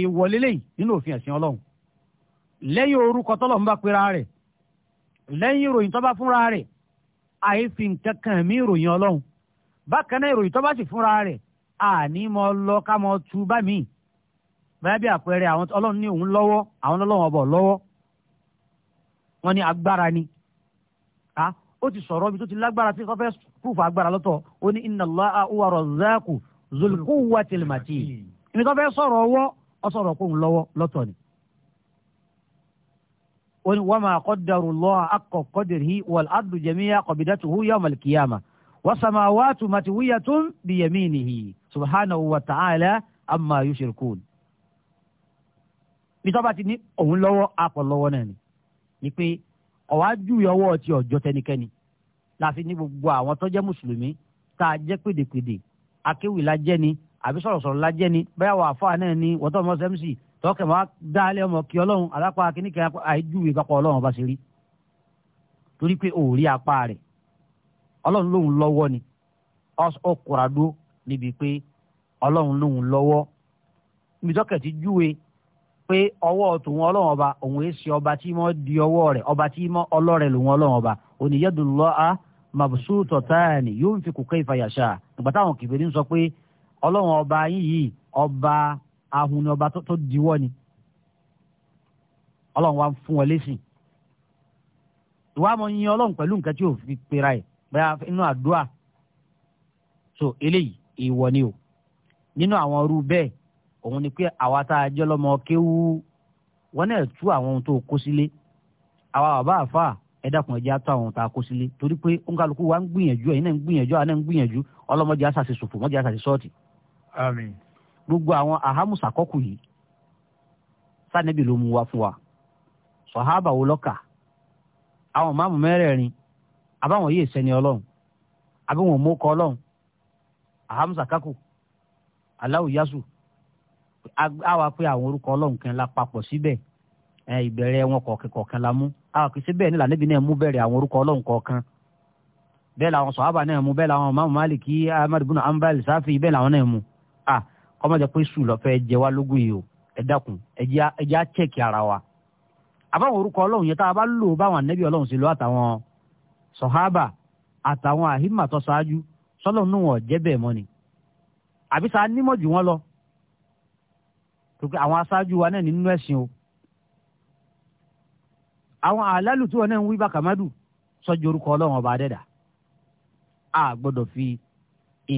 ìwọlélẹ yìí nínú òfin ẹ̀sìn Ọlọ́run lẹ́yìn orúkọ tọlọ ń bá pera rẹ̀ lẹ́yìn ìròyìn tó bá fúnra rẹ̀ àìfi nǹkan kan mí ìròyìn Ọlọ́run bákan náà ìròyìn tó bá sì fúnra rẹ̀ àní mọ lọ ká mọ tu bá mi bẹ́ẹ̀ bí àpẹẹrẹ àwọn Ọlọ́run ní òun lọ́wọ́ àwọn Ọlọ́run ọbọ lọ́wọ́ wọn ní agbára ni ó ti sọ̀rọ̀ ibi tó ti lágbára tí kò fẹ́ proof agbára lọ́tọ̀ ó ní inna Allaha huwa razzaqu dhul quwwatil matin ibi tó fẹ́ sọ̀rọ̀ ọwọ́ ọ sọ̀rọ̀ kóun lọ́wọ́ lọ́tọ̀ ni. ó ní wa ma qaddaru Allaha haqqa qadrihi wal ardu jami'an qabdatuhu yawm al-qiyamah wa samawatu matwiyatun bi yaminihi subhanahu wa ta'ala amma yushrikun. bí tọ́ba ti ní òun lọ́wọ́ apọ̀ lọ́wọ́ náà ni ni pé ọ̀wájú ìyọwọ́ ti ọjọ́ tẹnikẹ́ni láfi ní gbogbo àwọn tó mùsùlùmí tá a jẹ́ pèdèpèdè akéwì jẹ́ ni àbí sọ̀rọ̀sọ̀rọ̀ lajẹ́ ni bẹ́ẹ̀ wà fáà náà ni wọ́tọ́ ọmọ sẹ́mùsì tọ́kẹ̀ máa dáálé ọmọ kí ọlọ́run alápá kíní kí àìjúwe kápá ọlọ́run ọba ṣe rí torí pé òórí apá rẹ̀ ọlọ́run lòun lọ́wọ́ ni ọkùnrin àdó níbi pé ọlọ́run lòun lọ́wọ́ níbi tọ́kẹ̀ ti júwe pé ọwọ́ tòun ọlọ́run ọba òun èé ṣe ọba tí mọ́ di ọwọ́ rẹ̀ ọba tí mọ́ ọlọ́rẹ̀ lòun ọlọ́run ọba òníyẹ́dùn lọ́ọ́ mabsutotani yunfiku kayfa yasha ìgbà táwọn kìbìrín sọ pé ọlọ́run ọba yín yìí ọba ahun ni ọba tó diwọ́ ni ọlọ́run wa ń fún wọn lẹ́sìn ìwà mọ̀ yin ọlọ́run pẹ̀lú nǹkan tí ò fi pera ẹ̀ bẹ́ẹ̀ inú àdúrà so eléyìí ìwọ ni o nínú àwọn ọrú bẹ́ẹ̀ òun ni pé àwa tá a jẹ́ lọ́mọ kéwú wọn náà tú àwọn ohun tó kó sílé àwa bàbá àfà ẹ dákun ẹjẹ àtọ àwọn ohun tá a kó sílé torí pé òǹkàlùkù wa ń gbìyànjú ẹ̀yin náà ń gbìyànjú àwọn náà ń gbìyànjú ọlọ́mọdé àṣàṣe ṣòfò mọ́jẹ́ àṣàṣe ṣọ́ọ̀tì gbogbo àwọn ahamusa kọ́kù yìí sanabi ló mú wá fún wa sọ̀hábà wo lọ́kà àwọn máàmù mẹ́rẹ̀ẹ̀rin àbáwọn yìí sẹ́ni ọlọ́run àbáwọn mọ́kọ ọlọ́run ahamusa àwa pé àwọn orúkọ ọlọ́run kan la papọ̀ síbẹ̀ ìbẹ̀rẹ̀ wọn kọ̀ọ̀kan kọ̀ọ̀kan la mú àwa bẹ́ẹ̀ náà mú bẹ̀rẹ̀ àwọn orúkọ ọlọ́run kọ̀ọ̀kan bẹ́ẹ̀ làwọn náà mú bẹ́ẹ̀ làwọn máàmù A kọ́mọ̀jọ pé sùn lọ́fẹ́ jẹ wá lógún yìí o ẹ dákun ẹ ara wa. àbáwọn orúkọ ọlọ́run yẹn tá a bá lò báwọn ànẹ́bí ọlọ́run sí lọ àtàwọn sọ̀hábà àtàwọn àhímà tó ṣáájú sọ́lọ́run nù wọ́n jẹ́ bẹ́ẹ̀ lọ àwọn aṣáájú wa náà nínú ẹ̀sìn o. àwọn àlálù tí wọn náà ń wí orúkọ a gbọ́dọ̀ fi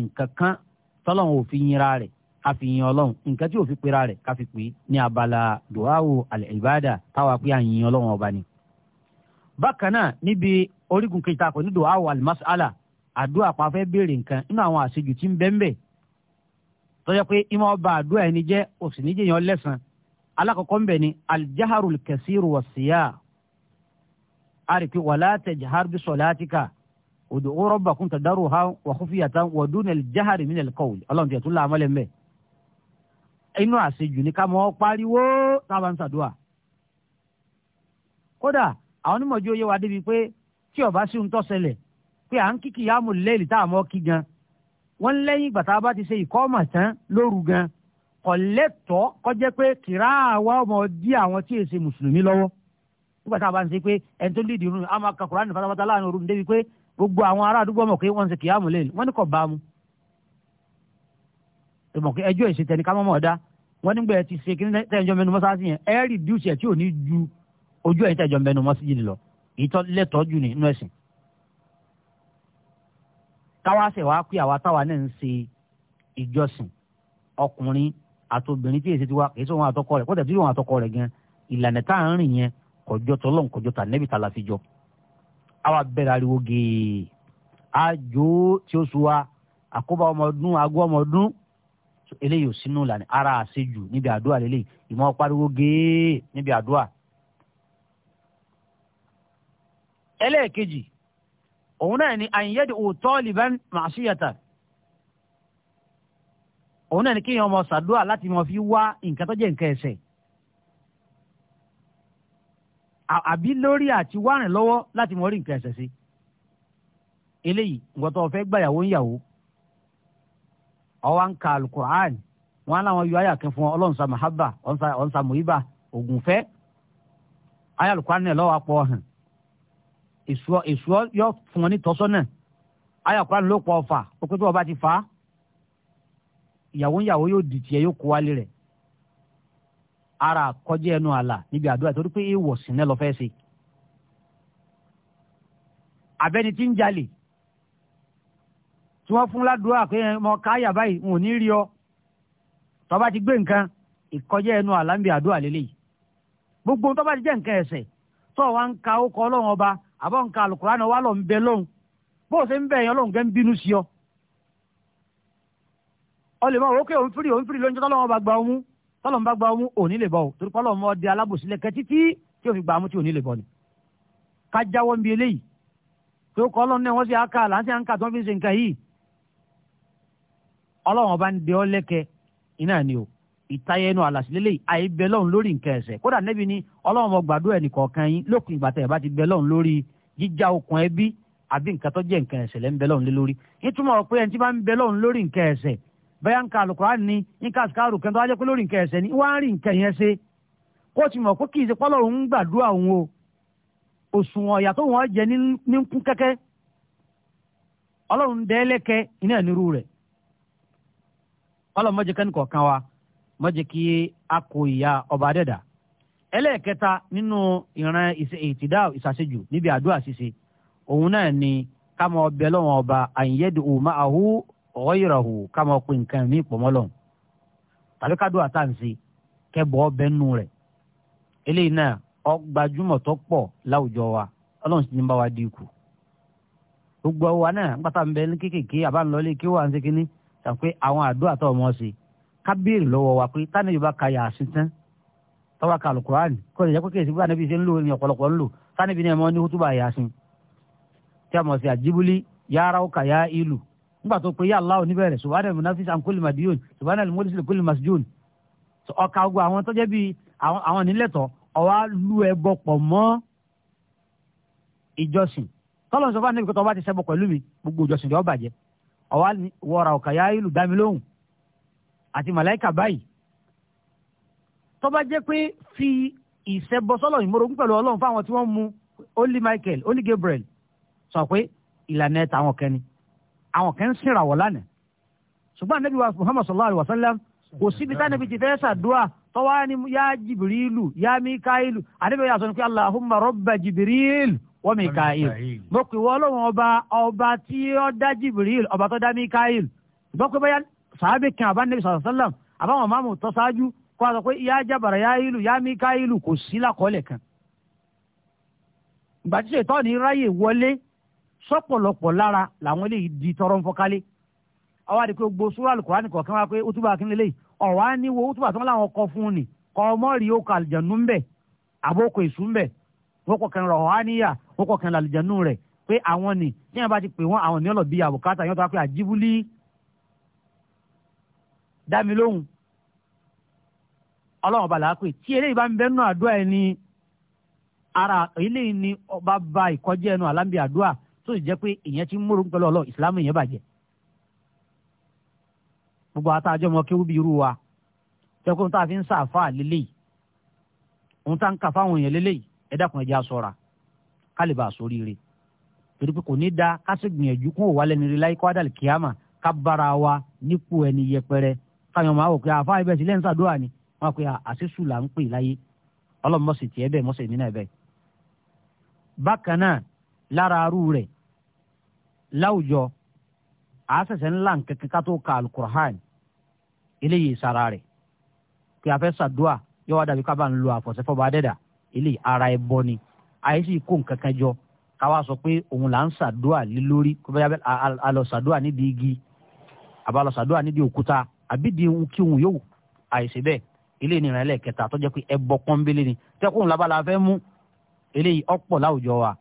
nǹkan kan tọ́lọ́run ò fi yinra rẹ̀ a fi yin ọlọ́run nǹkan tí ò fi pera rẹ̀ ká fi pè é ní abala duawu al-ibada táwa pé à ń yin ọlọ́run ọba ni. bákan náà níbi orígun kejì tá a pè ní duawu al-mas'ala àdúrà pa fẹ́ béèrè nǹkan nínú àwọn àṣejù tí ń bẹ́ńbẹ́ tọ́jọ́ pé ìmọ̀ ọba àdúrà ẹni jẹ́ òsì níjẹ̀yàn lẹ́sàn-án alákọ̀ọ́kọ́ ń ni aljaharul kasiru wasiya ariki wala tajhar bi solatika ud'u rabbakum tadarruhan wa khufyatan wa dunal jahri minal qawl ọlọ́run tiẹ̀ tún la amọ́lẹ̀ mbẹ́. inú àṣejù ni ká mọ́ pariwo táwa ń ṣàdúrà. kódà àwọn onímọ̀jú oyé wa débi pé tí ọba sí ń tọ́sẹlẹ̀ pé à ń kíkì yáàmù lẹ́ẹ̀lì tá a mọ́ kí gan. wọ́n lẹ́yìn ìgbà tá a bá ti ṣe ìkọ́mọ̀ tán lóru gan. kọ̀lẹ́tọ̀ kọjá pé kìrá àwa ọmọ dí àwọn tí èsè mùsùlùmí lọ́wọ́ nígbà tá a bá ń ṣe pé ẹni tó lè dìrún àmọ́ kakùránì fatabata láàrin òru débi pé gbogbo àwọn ará àdúgbò mọ̀ pé wọ́n ń ṣe kìyàmù lẹ́yìn wọ́n ní kò bá mu ìmọ̀ pé ẹjọ́ ìṣètẹ́ni ká mọ̀mọ́ ọ̀dá wọ́n nígbà ẹ ti ṣe kí tẹ́jọ́ mẹnu mọ́sáàsì yẹn ẹ rí díùsì ẹ̀ tí ò ní ju ojú ẹ̀yìn tẹ́jọ́ mẹnu mọ́síjì lọ ìtọ́ lẹ́tọ́ jù nínú ẹ̀sìn. káwá ṣe wàá pé àwa táwa náà ń ṣe ìjọsìn ọkùnrin àtobìnrin tí èsì ti kìí sọ wọn àtọkọ rẹ̀ kó àwa bẹ̀rẹ̀ ariwo gèè àjò tí ó su wa àkóbá ọmọdún agó ọmọdún eléyìí ò sínú ìlànà ara àṣejù níbi àdúrà lélẹ̀ ìmọ̀ pariwo gèè níbi àdúrà. ẹlẹ́ẹ̀kejì òun náà ni àyìnyẹ́dì òótọ́ liban màṣúyàtà òun náà ni kéèyàn ọmọ ṣàdúrà láti mọ fi wá nǹkan tó jẹ́ nǹkan ẹ̀ṣẹ̀ àbí lórí àti wárìn lọ́wọ́ láti mọ̀ rí nǹkan ẹ̀sẹ̀ sí eléyìí nǹkan tó fẹ́ gbàyàwó ń yàwó ọwọ́ ń ka alukur'an wọn làwọn yọ àyà kẹ fún ọlọ́run sa mahaba ọ̀n sa muhiba ògùnfẹ́ àyà alukur'an náà lọ́wọ́ apọ̀ hàn èso yọ fún ọ ní tọ́sọ́nà àyà alukur'an ló pọ̀ fà ó pé tó o bá ti fà á ń yàwó yóò dì tiẹ̀ yóò kó wálé rẹ̀ ara àkọjá ẹnu àlà níbi àdúrà torí pé èèwọ̀ sínú ẹ lọ fẹ́ ṣe. àbẹ́ni tí ń jalè tí wọ́n fún ládùúrà pé mọ káyà báyìí n ò ní rí ọ tọ́ba ti gbé nǹkan ìkọjá ẹnu àlà níbi àdúrà lélẹ́yìí gbogbo tọ́ba ti jẹ́ nǹkan ẹ̀ṣẹ̀ tó wa ń ka ó ọlọ́run ọba àbọ̀ ń ka àlùkùránì wa lọ ń bẹ lóhùn bó o ṣe ń bẹ yẹn ọlọ́run gẹ́ bínú sí ọ ọ òkè òun fìrì òun fìrì lóúnjẹ tọ́lọ́run ọba gba ọmú tọ́lọ̀ ń bá gba ọmú òní lè bọ̀ o torí pọ́lọ̀ ọmọ ọdẹ alábòsílẹ̀ kẹ́ títí tí òfin gba ọmú tí òní lè bọ̀ ni. ká jáwọ́ ń bi eléyìí tí ó kọ́ ọlọ́run náà wọ́n sì á ká láǹsì à ń kà tó ń fi ṣe nǹkan yìí. ọlọ́run ọba ń de ọ́ lẹ́kẹ́ iná ni o ìtayẹ inú àlàsílẹ̀ lẹ́yìn àyè bẹ lọ́run lórí nǹkan ẹ̀ṣẹ̀ kódà nẹ́bi ni ọlọ́run ọmọ gbàdúrà ẹnì kọ̀ọ̀kan yín lókun bẹ́ẹ̀ ń ka àlùkùránì ni ń ka àsìkárù kẹ́ńtọ́ ajẹ́ pé lórí nǹkan ẹ̀sẹ̀ ni wọ́n á rí nǹkan o ti mọ̀ pé kì í ṣe pọ́lọ́run ń gbàdúrà òun o òṣùwọ̀n ọ̀yà tó wọ́n jẹ ní kún kẹ́kẹ́ ọlọ́run dẹ́lẹ́kẹ́ iná rẹ. rẹ̀ ọlọ́run mọ̀jẹ̀kẹ́ nìkọ̀ọ̀kan wa mọ̀jẹ̀ kí a kò ìyá ọba adẹ́dà ẹlẹ́ẹ̀kẹta nínú ìran ìtìdá ìsàṣejù níbi àdúrà ṣíṣe òun náà ni ká mọ ọbẹ̀ lọ́wọ́n ọba òun ọ̀wọ́ ìrọ̀hù ká máa pe nǹkan mí pọ̀mọ́lọ̀ tàbí ká dùn àtàǹsì kẹ́bọ̀ ọbẹ̀ nù rẹ̀ eléyìí náà ọgbàjúmọ̀ tó pọ̀ láwùjọ wa ọlọ́run sì ti ń bá wa dínkù gbogbo wa náà ń pátá ń bẹ ní kéékèèké àbánilọ́lé kí wà ń ṣe kínní tàbí pé àwọn àdúrà tó ọmọ ṣe ká lọ́wọ́ wa pé táwọn yorùbá ka yà á sí tán tọ́wọ́ ka alukur'an kó lè jẹ́ pé kèsì bí anabi ṣe ń lò ní ọ̀pọ̀lọpọ̀ ń lò táwọn ibi ní ẹ̀mọ́ ní hútùbà yà á sí tí a mọ̀ sí àjíbúlí yàrá ó kà yá ìlú nígbà tó pé yà Allah oníbẹ̀rẹ̀ subhana munafis an kulli madiyun subhana al-mulis li kulli masjun ọ̀ka ogun àwọn tó jẹ́ bíi àwọn nílẹ̀tọ̀ ọ̀wá lu ẹbọ pọ̀ mọ́ ìjọsìn tọ́lọ̀ sọ fún àníbi kọ́tọ́ ọba ti ṣẹbọ pẹ̀lú mi gbogbo ìjọsìn rẹ̀ ó bàjẹ́ ọ̀wá wọra ọ̀kà yá ìlú dámi lóhùn àti màláìkà báyìí tó bá jẹ́ pé fi ìṣẹbọ sọ́lọ̀ ìmọ̀rògún pẹ̀lú ọlọ́run fáwọn tí wọ́n mu only Michael only Gabriel sọ pé ìlànà ẹ̀ta àwọn kẹni àwọn kan ń ṣèràwọ̀ lánàá ṣùgbọ́n anabi wa muhammad sallallahu alayhi wa sallam kò síbi tá anabi ti fẹ́ ṣàdúrà tọ́wá ni yá jibirilu yá mikailu anabi yà sọ ní pé allahumma rabba jibiril wa mikail mo pè wọ́n lóhùn ọba ọba tí ó dá jibiril ọba tó dá mikail ṣùgbọ́n pé báyà sàábì kan àbá anabi sallallahu alayhi wa sallam àbáwọn máàmù tó ṣáájú kó a sọ pé yá jabara yá ilu yá mikailu kò sí lákọọ́lẹ̀ kan ìgbà ṣètọ́ ni ráyè wọlé sọ́pọ̀lọpọ̀ lára làwọn eléyìí di tọrọ ń fọkálé àwa àdìpé gbogbo sura alukurani kọ̀ọ̀kan wá pé utuba kí lélẹ́yìí ọ̀wá ní wo utuba tí wọ́n láwọn kọ fún un nì kọ́ ọmọ rí okò àlìjànú ńbẹ̀ àbókò èṣù ńbẹ̀ wọ́pọ̀ kan rọ̀ wá níyà wọ́pọ̀ kan làlìjànú rẹ̀ pé àwọn nì tí wọ́n bá ti pè wọ́n àwọn ní ọlọ́bí àbùkátà yọ́n wá pé àjíbúlí dámi lóhùn ọlọ́run ọba làákùn tí eléyìí bá ń bẹ́ẹ̀ àdúrà ẹni ara eléyìí ni ọba ba ìkọjá ẹnu àlámbì àdúrà tó sì jẹ́ pé ìyẹn ti ń múrun pẹ̀lú ọlọ́ ìsìlámù yẹn bàjẹ́ gbogbo àtàjọ ọmọ kéwú bíi irú wa tẹkùn tá a fi ń sàfà lélẹ́yìí òun tá ń kà fáwọn èèyàn lélẹ́yìí ẹ dákun ẹ jẹ́ ká lè bá aṣọ rire torí pé kò ní da ká sì gbìyànjú kún òwà lẹ́nu rí láyé kọ́ádàlì kíámà ká bára wa nípò ẹni yẹpẹrẹ káyọ̀ máa wò pé àfa ibẹ̀ sílẹ̀ ń sàdúrà ni wọn pe àṣìṣù là ń pè láyé ọlọ́mọ sì tiẹ̀ bẹ́ẹ̀ mọ́sẹ̀ nínú ẹ̀ bẹ́ẹ̀. bákan náà lára arú rẹ̀ láwùjọ àásẹ̀sẹ̀ ńlá nkankan ká tó ka alukur'an eléyìí sara rẹ̀ kí a fẹ́ sàdúà yọ wá dàbí ká bá ń lo àfọ̀sẹ́fọ́ bá dẹ́dà eléyìí ara ẹ bọ́ ni àyè sì kó nkankan jọ ká wá sọ pé òun là ń sàdúà lé lórí kó bá yàgbẹ́ alọ sàdúà nídìí igi àbálọ sàdúà nídìí òkúta àbídìí kí òun yóò àìsè bẹ́ẹ̀ eléyìí ni ìrànlẹ́ kẹta tó jẹ́ pé ẹ bọ́ pọ́nbélé ni tẹ́kùn làbálà fẹ́ mú eléyìí ọ̀pọ̀ láwùjọ wa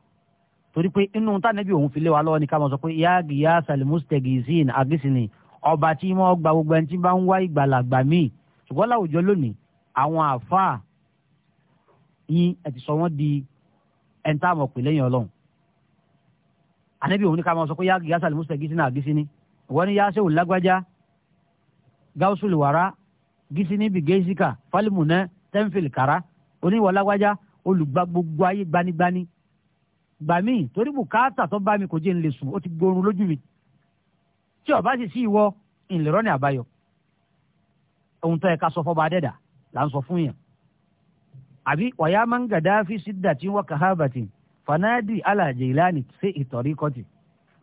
torí pé inú tánàbí òun fi lé wa lọ́wọ́ ni ká máa sọ pé ìyá gìyà salimustagizin agisini ọba tí wọn gba gbogbo ẹni tí bá ń wá ìgbàlagbà míì ṣùgbọ́n láwùjọ lónìí àwọn àáfàá yín ẹ ti sọ wọ́n di ẹni tá a mọ̀ pé lẹ́yìn ọlọ́run ànábì òun ni ká máa sọ pé yá gìyà salimustagizin agisini wọ́n ní yá sẹ́wò lágbájá gáúsùlù wàrà gisini bí gẹ́síkà fálímù náà tẹ́ńfìlì kàrá oníwọ̀ lágbájá olùgbà gbogbo ayé gbanigbani gbà mí torí bùkátà tó bá mi kò jẹ́ ń lè sùn ó ti gbóòórùn lójú mi tí ọba sì sí ìwọ ìlérọ́ ní àbáyọ ohun tó yẹ ká sọ fọba adẹ́dà là ń sọ fún yẹn àbí wàyà máa ń gàdá fi sídà tí wọ́n kà hábàtì fanadi alàjẹ ìlànà ṣe ìtọ̀rí kọ́tì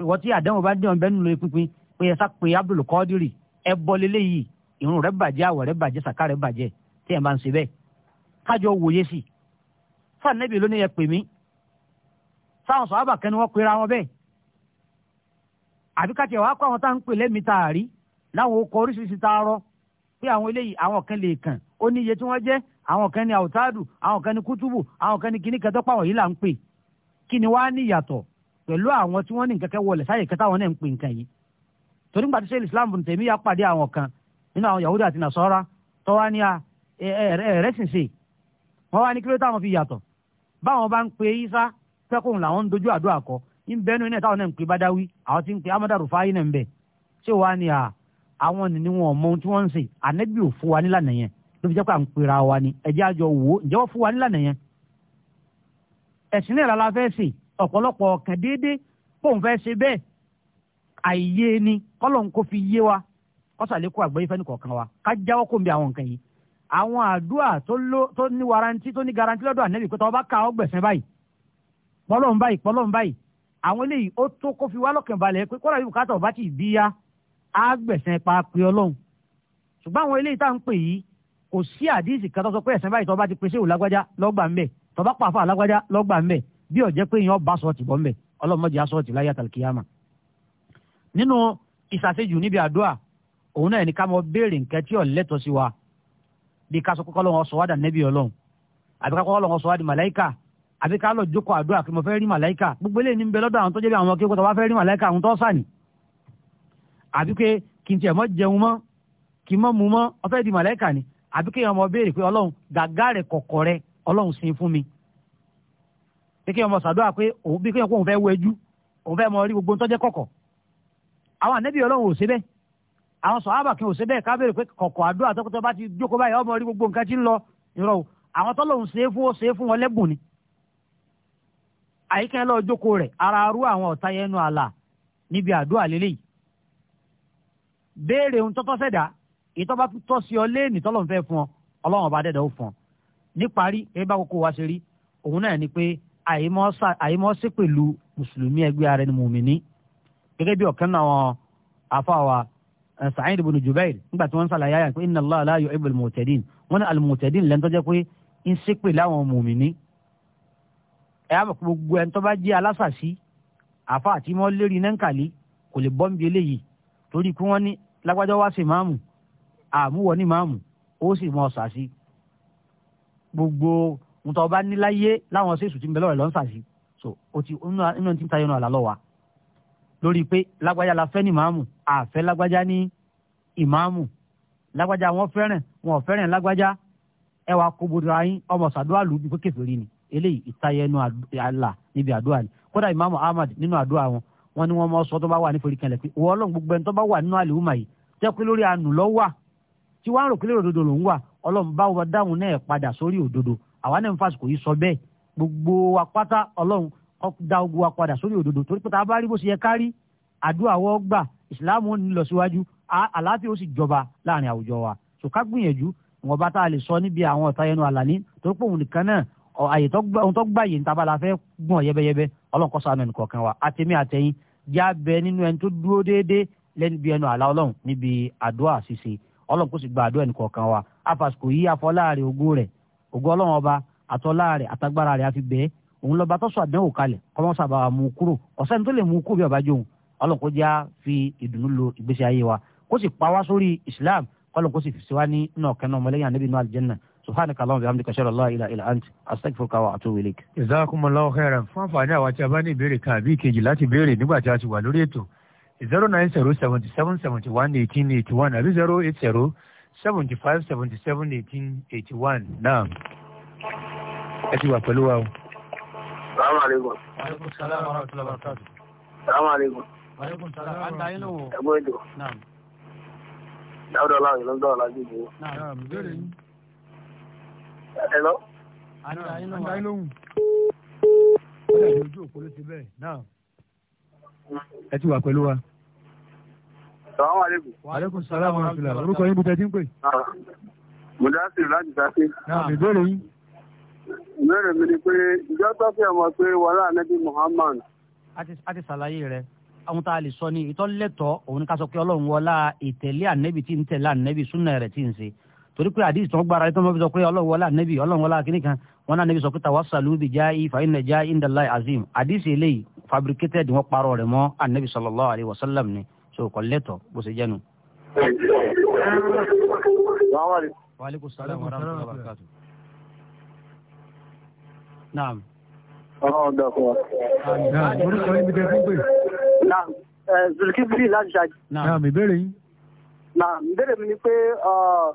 ìwọ tí àdánwò bá dẹ̀wọ̀n bẹ́ẹ̀ nínú pínpín pé ẹ sá pé Abdul Qadir ẹ bọ́ lélẹ́yìí ìrun rẹ̀ bàjẹ́ àwọ̀ rẹ̀ bàjẹ́ sàkà rẹ̀ bàjẹ́ tí ẹ̀ máa ń ṣe bẹ́ẹ̀ kájọ wòye sí fanabi ló ẹ pè mí sáwọn sọ̀hábà kẹ́ni wọ́n pera wọn bẹ́ẹ̀ àbí ká tiẹ̀ àwọn tá à ń pè lẹ́mìí a rí láwọn okọ̀ oríṣiríṣi tá a rọ pé àwọn eléyìí àwọn kan lè kàn ó ní iye tí wọ́n jẹ́ àwọn kan ní àwòtáàdù àwọn kan ní kútùbù àwọn kan ní kíní kẹtọ́ pàwọ̀ yìí là ń pè kí ni wàá ní ìyàtọ̀ pẹ̀lú àwọn tí wọ́n ní nkẹ́kẹ́ wọlé kẹta wọn náà ń pè nǹkan yìí Islam bùn tèmi yà pàdé kan nínú àwọn yahudu àti ní wọ́n wá ní kí ló fi yàtọ̀ báwọn bá ń pe pẹ́kùn làwọn ń dojú àdúrà kọ ń bẹ́nu iná táwọn náà ń pè bádáwí àwọn ti ń pè amadu rufai náà ń bẹ̀ ṣé wàá ní à àwọn nìní wọn ọmọ ohun tí wọ́n ń ṣe ànẹ́bí ò fún wa nílànà yẹn ló fi jẹ́ pé à ń pera wa ni ẹ̀jẹ̀ àjọ wò ó ǹjẹ́ wọ́n fún wa nílànà yẹn. ẹ̀sìn náà la fẹ́ ṣe ọ̀pọ̀lọpọ̀ ọ̀kàn déédéé kóun fẹ́ ṣe bẹ́ẹ̀ àìyé ni kọ́lọ́n kó fi yé wa kọ́sàlékù àgbáyé fẹ́ nìkọ̀ọ̀kan wa ká pọ́lọ́n báyìí pọ́lọ́n báyìí àwọn eléyìí ó tó kó fi wá lọ́kàn balẹ̀ pé kọ́lá yóò kátà ọ̀bá tì bí yá á gbẹ̀sẹ̀ pa pé ọlọ́run ṣùgbọ́n àwọn eléyìí tá à ń pè yìí kò sí àdíìsì kan tó sọ pé ẹ̀sìn báyìí tó bá ti pèsè òlágbájá lọ́gbà ńbẹ̀ tó bá pàfà lágbájá lọ́gbà ńbẹ̀ bí ọ̀jẹ́ pé èèyàn bá sọ̀tì bọ́ ńbẹ̀ ọlọ́mọdé wa bí ká sọ kọ́kọ́ lọ́wọ́ sọ wádà nẹ́bí ọlọ́run àbí ká àbí ká lọ jókòó àdúrà pé mo fẹ́ rí màláìkà gbogbo eléyìí ní ń bẹ lọ́dọ̀ àwọn tó jẹ́ bí àwọn kéwọ́ tó wá fẹ́ rí màláìkà àwọn tó sàní àbí pé kì í tiẹ̀ mọ́ jẹun mọ́ kì í mọ́ mu mọ́ ó di màláìkà ni àbí kéèyàn ọmọ béèrè pé ọlọ́run gàgá rẹ̀ kọ̀kọ̀ rẹ̀ ọlọ́run sin fún mi pé kéèyàn ọmọ sàdúrà pé òun bí kéèyàn kó òun fẹ́ wẹjú òun fẹ́ mọ rí gbogbo tó jẹ́ kọ̀kọ̀ àwọn ànẹ́bí ọlọ́run ò ṣe bẹ́ẹ̀ àwọn sọ̀hábà kí n ò ṣe bẹ́ẹ̀ ká pé kọ̀kọ̀ àdúrà tó bá ti jókòó báyìí ọmọ rí gbogbo nǹkan tí ń lọ ìrọ̀ àwọn tọ́lọ́run ṣe é fún ó ṣe é fún wọn lẹ́bùn ni àyíkẹ́ lọ jókòó rẹ̀ ara arú àwọn ọ̀tá yẹnu àlà níbi àdúrà lélẹ̀ yìí béèrè ohun tọ́tọ́ sẹ̀dá ìtọ́ba tọ́ sí ọ léènì tọ́lọ́n fẹ́ fún ọ ọlọ́run ọba dẹ́dẹ́ ó fún ọ níparí ẹ bá kókó wa ṣe rí òun náà ni pé àyímọ́ sí pẹ̀lú mùsùlùmí ẹgbẹ́ ara ẹni mùmíní gẹ́gẹ́ bí ọ̀kan náà wọn afáwa Sa'id ibn Jubair nígbà tí wọ́n ń sàlàyé àyà pé inna Allah la yuhibbul mu'tadin wọ́n ní al-mu'tadin lẹ́ńtọ́jẹ́ pé ń ṣépè láwọn mùmíní ẹ á mọ̀ pé gbogbo ẹni tó bá jẹ́ alásàsí àfa àti mọ́ lérí nẹ́ńkàlí kò lè bọ́ níbi eléyìí torí pé wọ́n ní lágbájá wá sí máàmù àmúwọ̀ ní máàmù ó sì mọ ọ̀sàsí gbogbo nǹkan ọba níláyé láwọn ṣèṣù tí ń bẹ lọ́rẹ̀ lọ́nsàsí so ó ti inú ti ń tayọ náà àlálọ́ wa lórí pé lágbájá la fẹ́ ní máàmù àfẹ́ lágbájá ní ìmáàmù lágbájá wọn fẹ́ràn wọn ò fẹ́ràn lágbájá ẹ wàá kó bodò ayín ọmọ sàdúrà lù ú bí pé kèfèrí ni eléyìí ìtayẹnu àlà níbi àdúrà ni kódà ìmáàmù ahmad nínú àdúrà wọn wọn ni wọn mọ sọ tó bá wà ní forí kanlẹ̀ pé ìwọ ọlọ́run gbogbo ẹni tó bá wà nínú àlèhùmà yìí jẹ́ pé lórí àánú lọ wà tí wàá rò pé lórí òdodo lòún wà ọlọ́run bá wọn dáhùn náà padà sórí òdodo àwa náà ń fàsìkò yìí sọ bẹ́ẹ̀ gbogbo wa pátá ọlọ́run da ogun wa padà sórí òdodo torí pé tá a bá rí bó ṣe yẹ kárí àdúrà wọ́n gbà ìsìláàmù ò ní lọ síwájú àlàáfíà ó sì jọba láàrin àwùjọ wa ṣùkà gbìyànjú ìwọ̀nba tá a lè sọ níbi àwọn ọ̀tá ẹnu àlàní torí pé nìkan náà àyè tó gbàyè ń tabala fẹ́ gbọ̀n yẹbẹyẹbẹ ọlọ́run kọ́sọ́ àmì ẹnìkọ̀ọ̀kan wa àtẹ̀mí àtẹ̀yìn já bẹ nínú ẹni tó dúró déédéé lẹ́nu bí ẹnu àlá ọlọ́run níbi àdúrà ṣíṣe ọlọ́run kò sì gba àdúrà ẹnìkọ̀ọ̀kan wa àfàsìkò yí afọláàrẹ ògùn rẹ̀ ògùn ọlọ́run ọba àtọ́láàrẹ àtagbára rẹ̀ àfi bẹ́ẹ̀ òun lọ́ba tó sọ àdánwò kalẹ̀ kọ́mọ́sà fi ìdùnnú lo ìgbésí ayé wa Islam kọ́lọ́n kó sì fi sí wa ní nọ̀kẹ́ subhanaka allahumma wa bihamdika ashhadu an la ilaha illa anta astaghfiruka wa atubu ilaik. jazakumullahu khairan fún àǹfààní àwọn tí a bá ní ìbéèrè kan àbí ìkejì láti béèrè nígbà tí a ti wà lórí ètò zero nine zero seventy seven seventy one eighteen eighty one àbí zero eight zero seventy five seventy seven eighteen eighty one náà ẹ ti wà pẹ̀lú wa o. salaamaleykum. aleykum salaam wa rahmatulah wa barakatu. salaamaleykum. aleykum salaam. an ta yín lówó. ẹ bọ́ ètò. naam. dáwọ́dọ̀ ọlá yìí ló ń dọ̀ ọ̀la jù mí. naam. Hello. Àǹdáyé lóhùn. Ó lè dojú òpó ló ti Ẹ ti wà pẹ̀lú wa. Sàlámù aleykum. Wa aleykum salaam wa rahmatulah. Orúkọ yín bí tẹ́tí ń pè. Ah, Mùdásí láti Sáké. Náà mi bẹ̀rẹ̀ yín. Ìbéèrè mi ni pé ìjọ tọ́kì ọmọ pé wàhálà Muhammad. A ti ṣàlàyé rẹ̀ àwọn tá a lè sọ ní ìtọ́lẹ́tọ̀ òun ká sọ pé Ọlọ́run wọlá ìtẹ̀lé ànẹ́bì tí ń tẹ̀lé ànẹ́bì súnà rẹ̀ tí ń ṣe. torí pé àdìsí tó ń gbára ẹ tó ń fi sọ pé ọlọ́run wọlé ànẹ́bì ọlọ́run wọlé akínní kan wọn náà ànẹ́bì sọ pé tawassalu bi jaa'i fa inna jaa'i indallahi azim àdìsí eléyìí fabricated wọn parọ́ rẹ̀ mọ́ ànẹ́bì sallallahu alayhi wa sallam ni so kò lẹ́tọ̀ bó ṣe jẹ́nu. wa alaikum salaam wa rahmatullahi wa barakatuh. naam. ọlọ́run dọ̀kọ̀ wa. orúkọ yín mi tẹ́ fún pé. naam eh, zulkifli láti ṣáájú. naam ìbéèrè yín. naam ìbéèrè mi ni pé uh,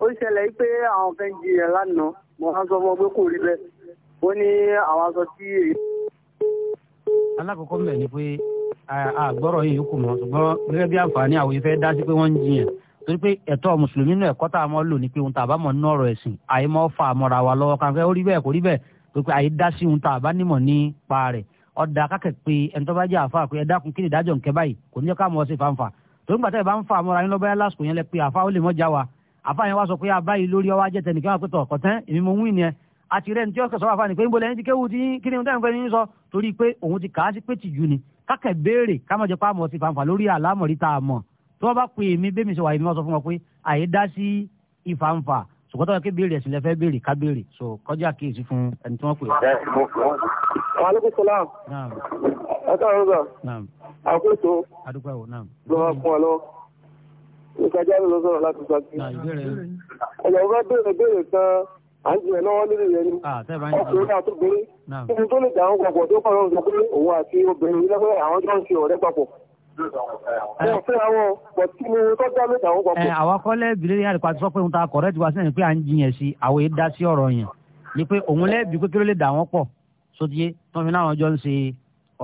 ó ṣẹlẹ̀ pé àwọn fẹ́ jiyàn lánàá mo máa ń sọ fún ọ pé kò rí bẹ́ẹ̀ ó ní àwọn aṣọ tí èyí. alákọ̀ọ́kọ́ mẹ́ ni pé àgbọ̀rọ̀ yìí kù mọ́ ṣùgbọ́n gẹ́gẹ́ bí àǹfààní àwọn ìfẹ́ dá sí pé wọ́n ń jiyàn torí pé ẹ̀tọ́ mùsùlùmí nínú ẹ̀kọ́ tá a mọ́ lò ní pé ohun tá mọ̀ nínú ọ̀rọ̀ ẹ̀sìn àìmọ́ fa àmọ́ra wa lọ́wọ́ kan ó rí bẹ́ẹ̀ kò rí bẹ́ẹ̀ torí pé àyè dá sí ohun tá a bá nímọ̀ rẹ̀ ọ̀dà kákẹ́ pé ẹni tó bá jẹ́ àfa pé ẹ dákun kí ni ìdájọ́ nǹkẹ́ báyìí kò ní jẹ́ ká mọ̀ ọ́ sí fanfa torí gbàtẹ́ bá ń fa àmọ́ra yín lọ́bẹ̀ lásìkò yẹn lẹ pé àfa ó lè mọ́ já wa àfààní wa sọ pé abáyé ah, lórí ọwọ́ ajẹ́tẹ̀ nìkan wà pé tọ̀ kọ̀tán èmi mo ń wí nìyẹn àti rẹ̀ ní tí ọ̀kẹ́ sọ àfààní pé ń bolẹ̀ ẹni ti kéwu ti kí ni táwọn fẹ́ ní sọ torí pé òun ti kà á sí pé tìjú ni kákẹ́ béèrè kámọ̀ jẹ́ pàmò sí fanfà lórí àlámọ̀rí tá a mọ̀ tí wọ́n bá pe èmi bẹ́mi sọ wà èmi wọ́n sọ fún wọn pé àyè dá sí ìfanfà ṣùgbọ́n wọn kí béèrè ẹ̀sìn lẹ́fẹ́ béèrè ká béèrè so kọjá kéèsì fún ẹni tí wọ́n pè. maaleykum ọ ìkàjáde ló sọ̀rọ̀ láti sọ́kí. ọ̀yọ̀ bá béèrè béèrè tán à ń jìyàn lọ́wọ́ nínú ìyẹn ni ọkùnrin náà tó bèrè níbi tó lè dáhùn papọ̀ tó kọ̀ lọ́wọ́ sọ pé òun àti obìnrin ilé pẹ́ àwọn tó ń ṣe ọ̀rẹ́ papọ̀. wọ́n fẹ́ àwọn pọ̀ tí mo tọ́ dá lè dáhùn papọ̀. àwa kọ́lẹ́ ìbílẹ̀ yàrá ìpàtí sọ pé òun ta kọ̀rẹ́ ti wá sílẹ̀ ni pé à ń jiyàn sí àwọn èyí dá ọ̀rọ̀ yẹn ni pé òun lẹ́bi pé lè dà wọ́n pọ̀ sódìé tó náà wọn jọ ń ṣe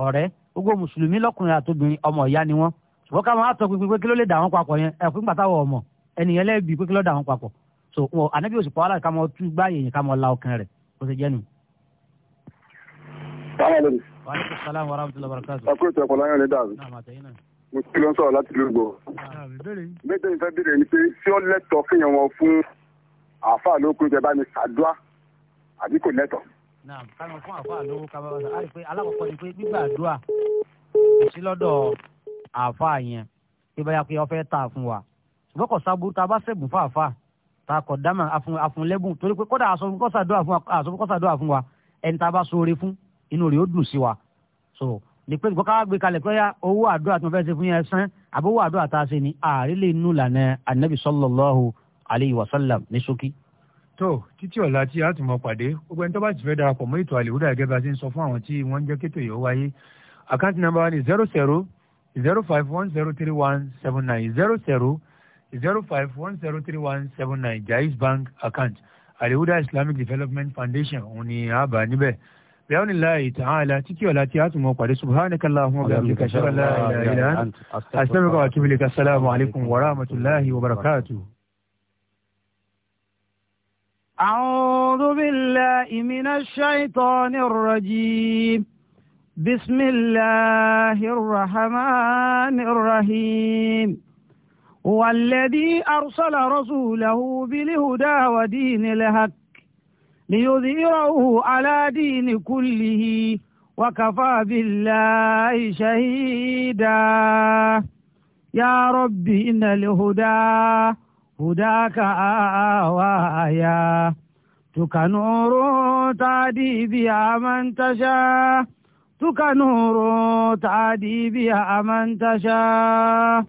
ọ̀rẹ́ gbogbo mùsùlùmí lọ́kùnrin àtobìnrin ọmọ ìyá ni wọ́n ṣùgbọ́n ká máa tọ́ pinpin pé kí ló lè dà wọ́n papọ̀ yẹn ẹ̀kú nígbà táwọn ọmọ ẹnìyẹn lẹ́bi pé kí ló dà wọ́n papọ̀ so wọn ànábì òsì pọ̀ aláìka mọ tú gbá yẹn ká mọ la ọkàn rẹ̀ ó ṣe jẹ́ nu. mo ti lọ sọ̀rọ̀ láti lóògbò bẹ́ẹ̀ ni fẹ́ bèrè ni pé ṣé ó lẹ́tọ̀ọ́ fìyàn wọn fún àáfàá lókun tẹ bá ní sàdúà àbí kò lẹ́tọ̀ọ́ naam kámi fún àfọ àlówó kábàbà sọ àìpé alákọ̀ọ́kọ́ ni pé gbígbàdúrà kò sí lọ́dọ̀ àáfàá yẹn pé báyà pé ọfẹ́ tà fún wa ṣùgbọ́n kò sábúrú tá a bá ṣẹ̀bùn fàáfà tá a kọ̀ dámà àfúnlẹ́bùn torí pé kódà àsọfúnkọ́sàdúrà fún wa ẹni tá a bá ṣoore fún inú rẹ̀ ó dùn sí wa so ní pé gbọ́ká gbé kalẹ̀ pé owó àdúrà tí wọ́n fẹ́ ṣe fún yẹn sán àbówó àdúrà tá a ṣe ni àárílẹ̀ inú lànà anabi sallallahu alayhi wa sallam ní ṣókí tó títí ọ̀la tí a tún mọ pàdé gbogbo ẹni tó bá ti fẹ́ darapọ̀ mọ́ ètò àlèwúdà gẹ́gẹ́ bá ti ń sọ fún àwọn tí wọ́n ń jẹ́ kétò yìí wáyé àkáǹtì nàmbà wa ni zero zero zero five one zero three one seven nine zero zero zero five one zero three one seven nine Jaiz Bank account Alihuda Islamic Development Foundation òun ni a bá níbẹ̀ bẹ́ẹ̀ ni láàyè tàn án àlá títí ọ̀la tí a tún mọ̀ pàdé subhanaka allahumma wa bihamdika ashhadu an la ilaha illa anta astaghfiruka wa atubu ilayk assalamu alaykum wa rahmatullahi wa barakatuh. أعوذ بالله من الشيطان الرجيم بسم الله الرحمن الرحيم هو الذي أرسل رسوله بالهدى ودين الهك ليظهره على دين كله وكفى بالله شهيدا يا ربي إن الهدى هداك آوايا تك نور تعدي بها من تشاء تك نور تعدي بها من تشاء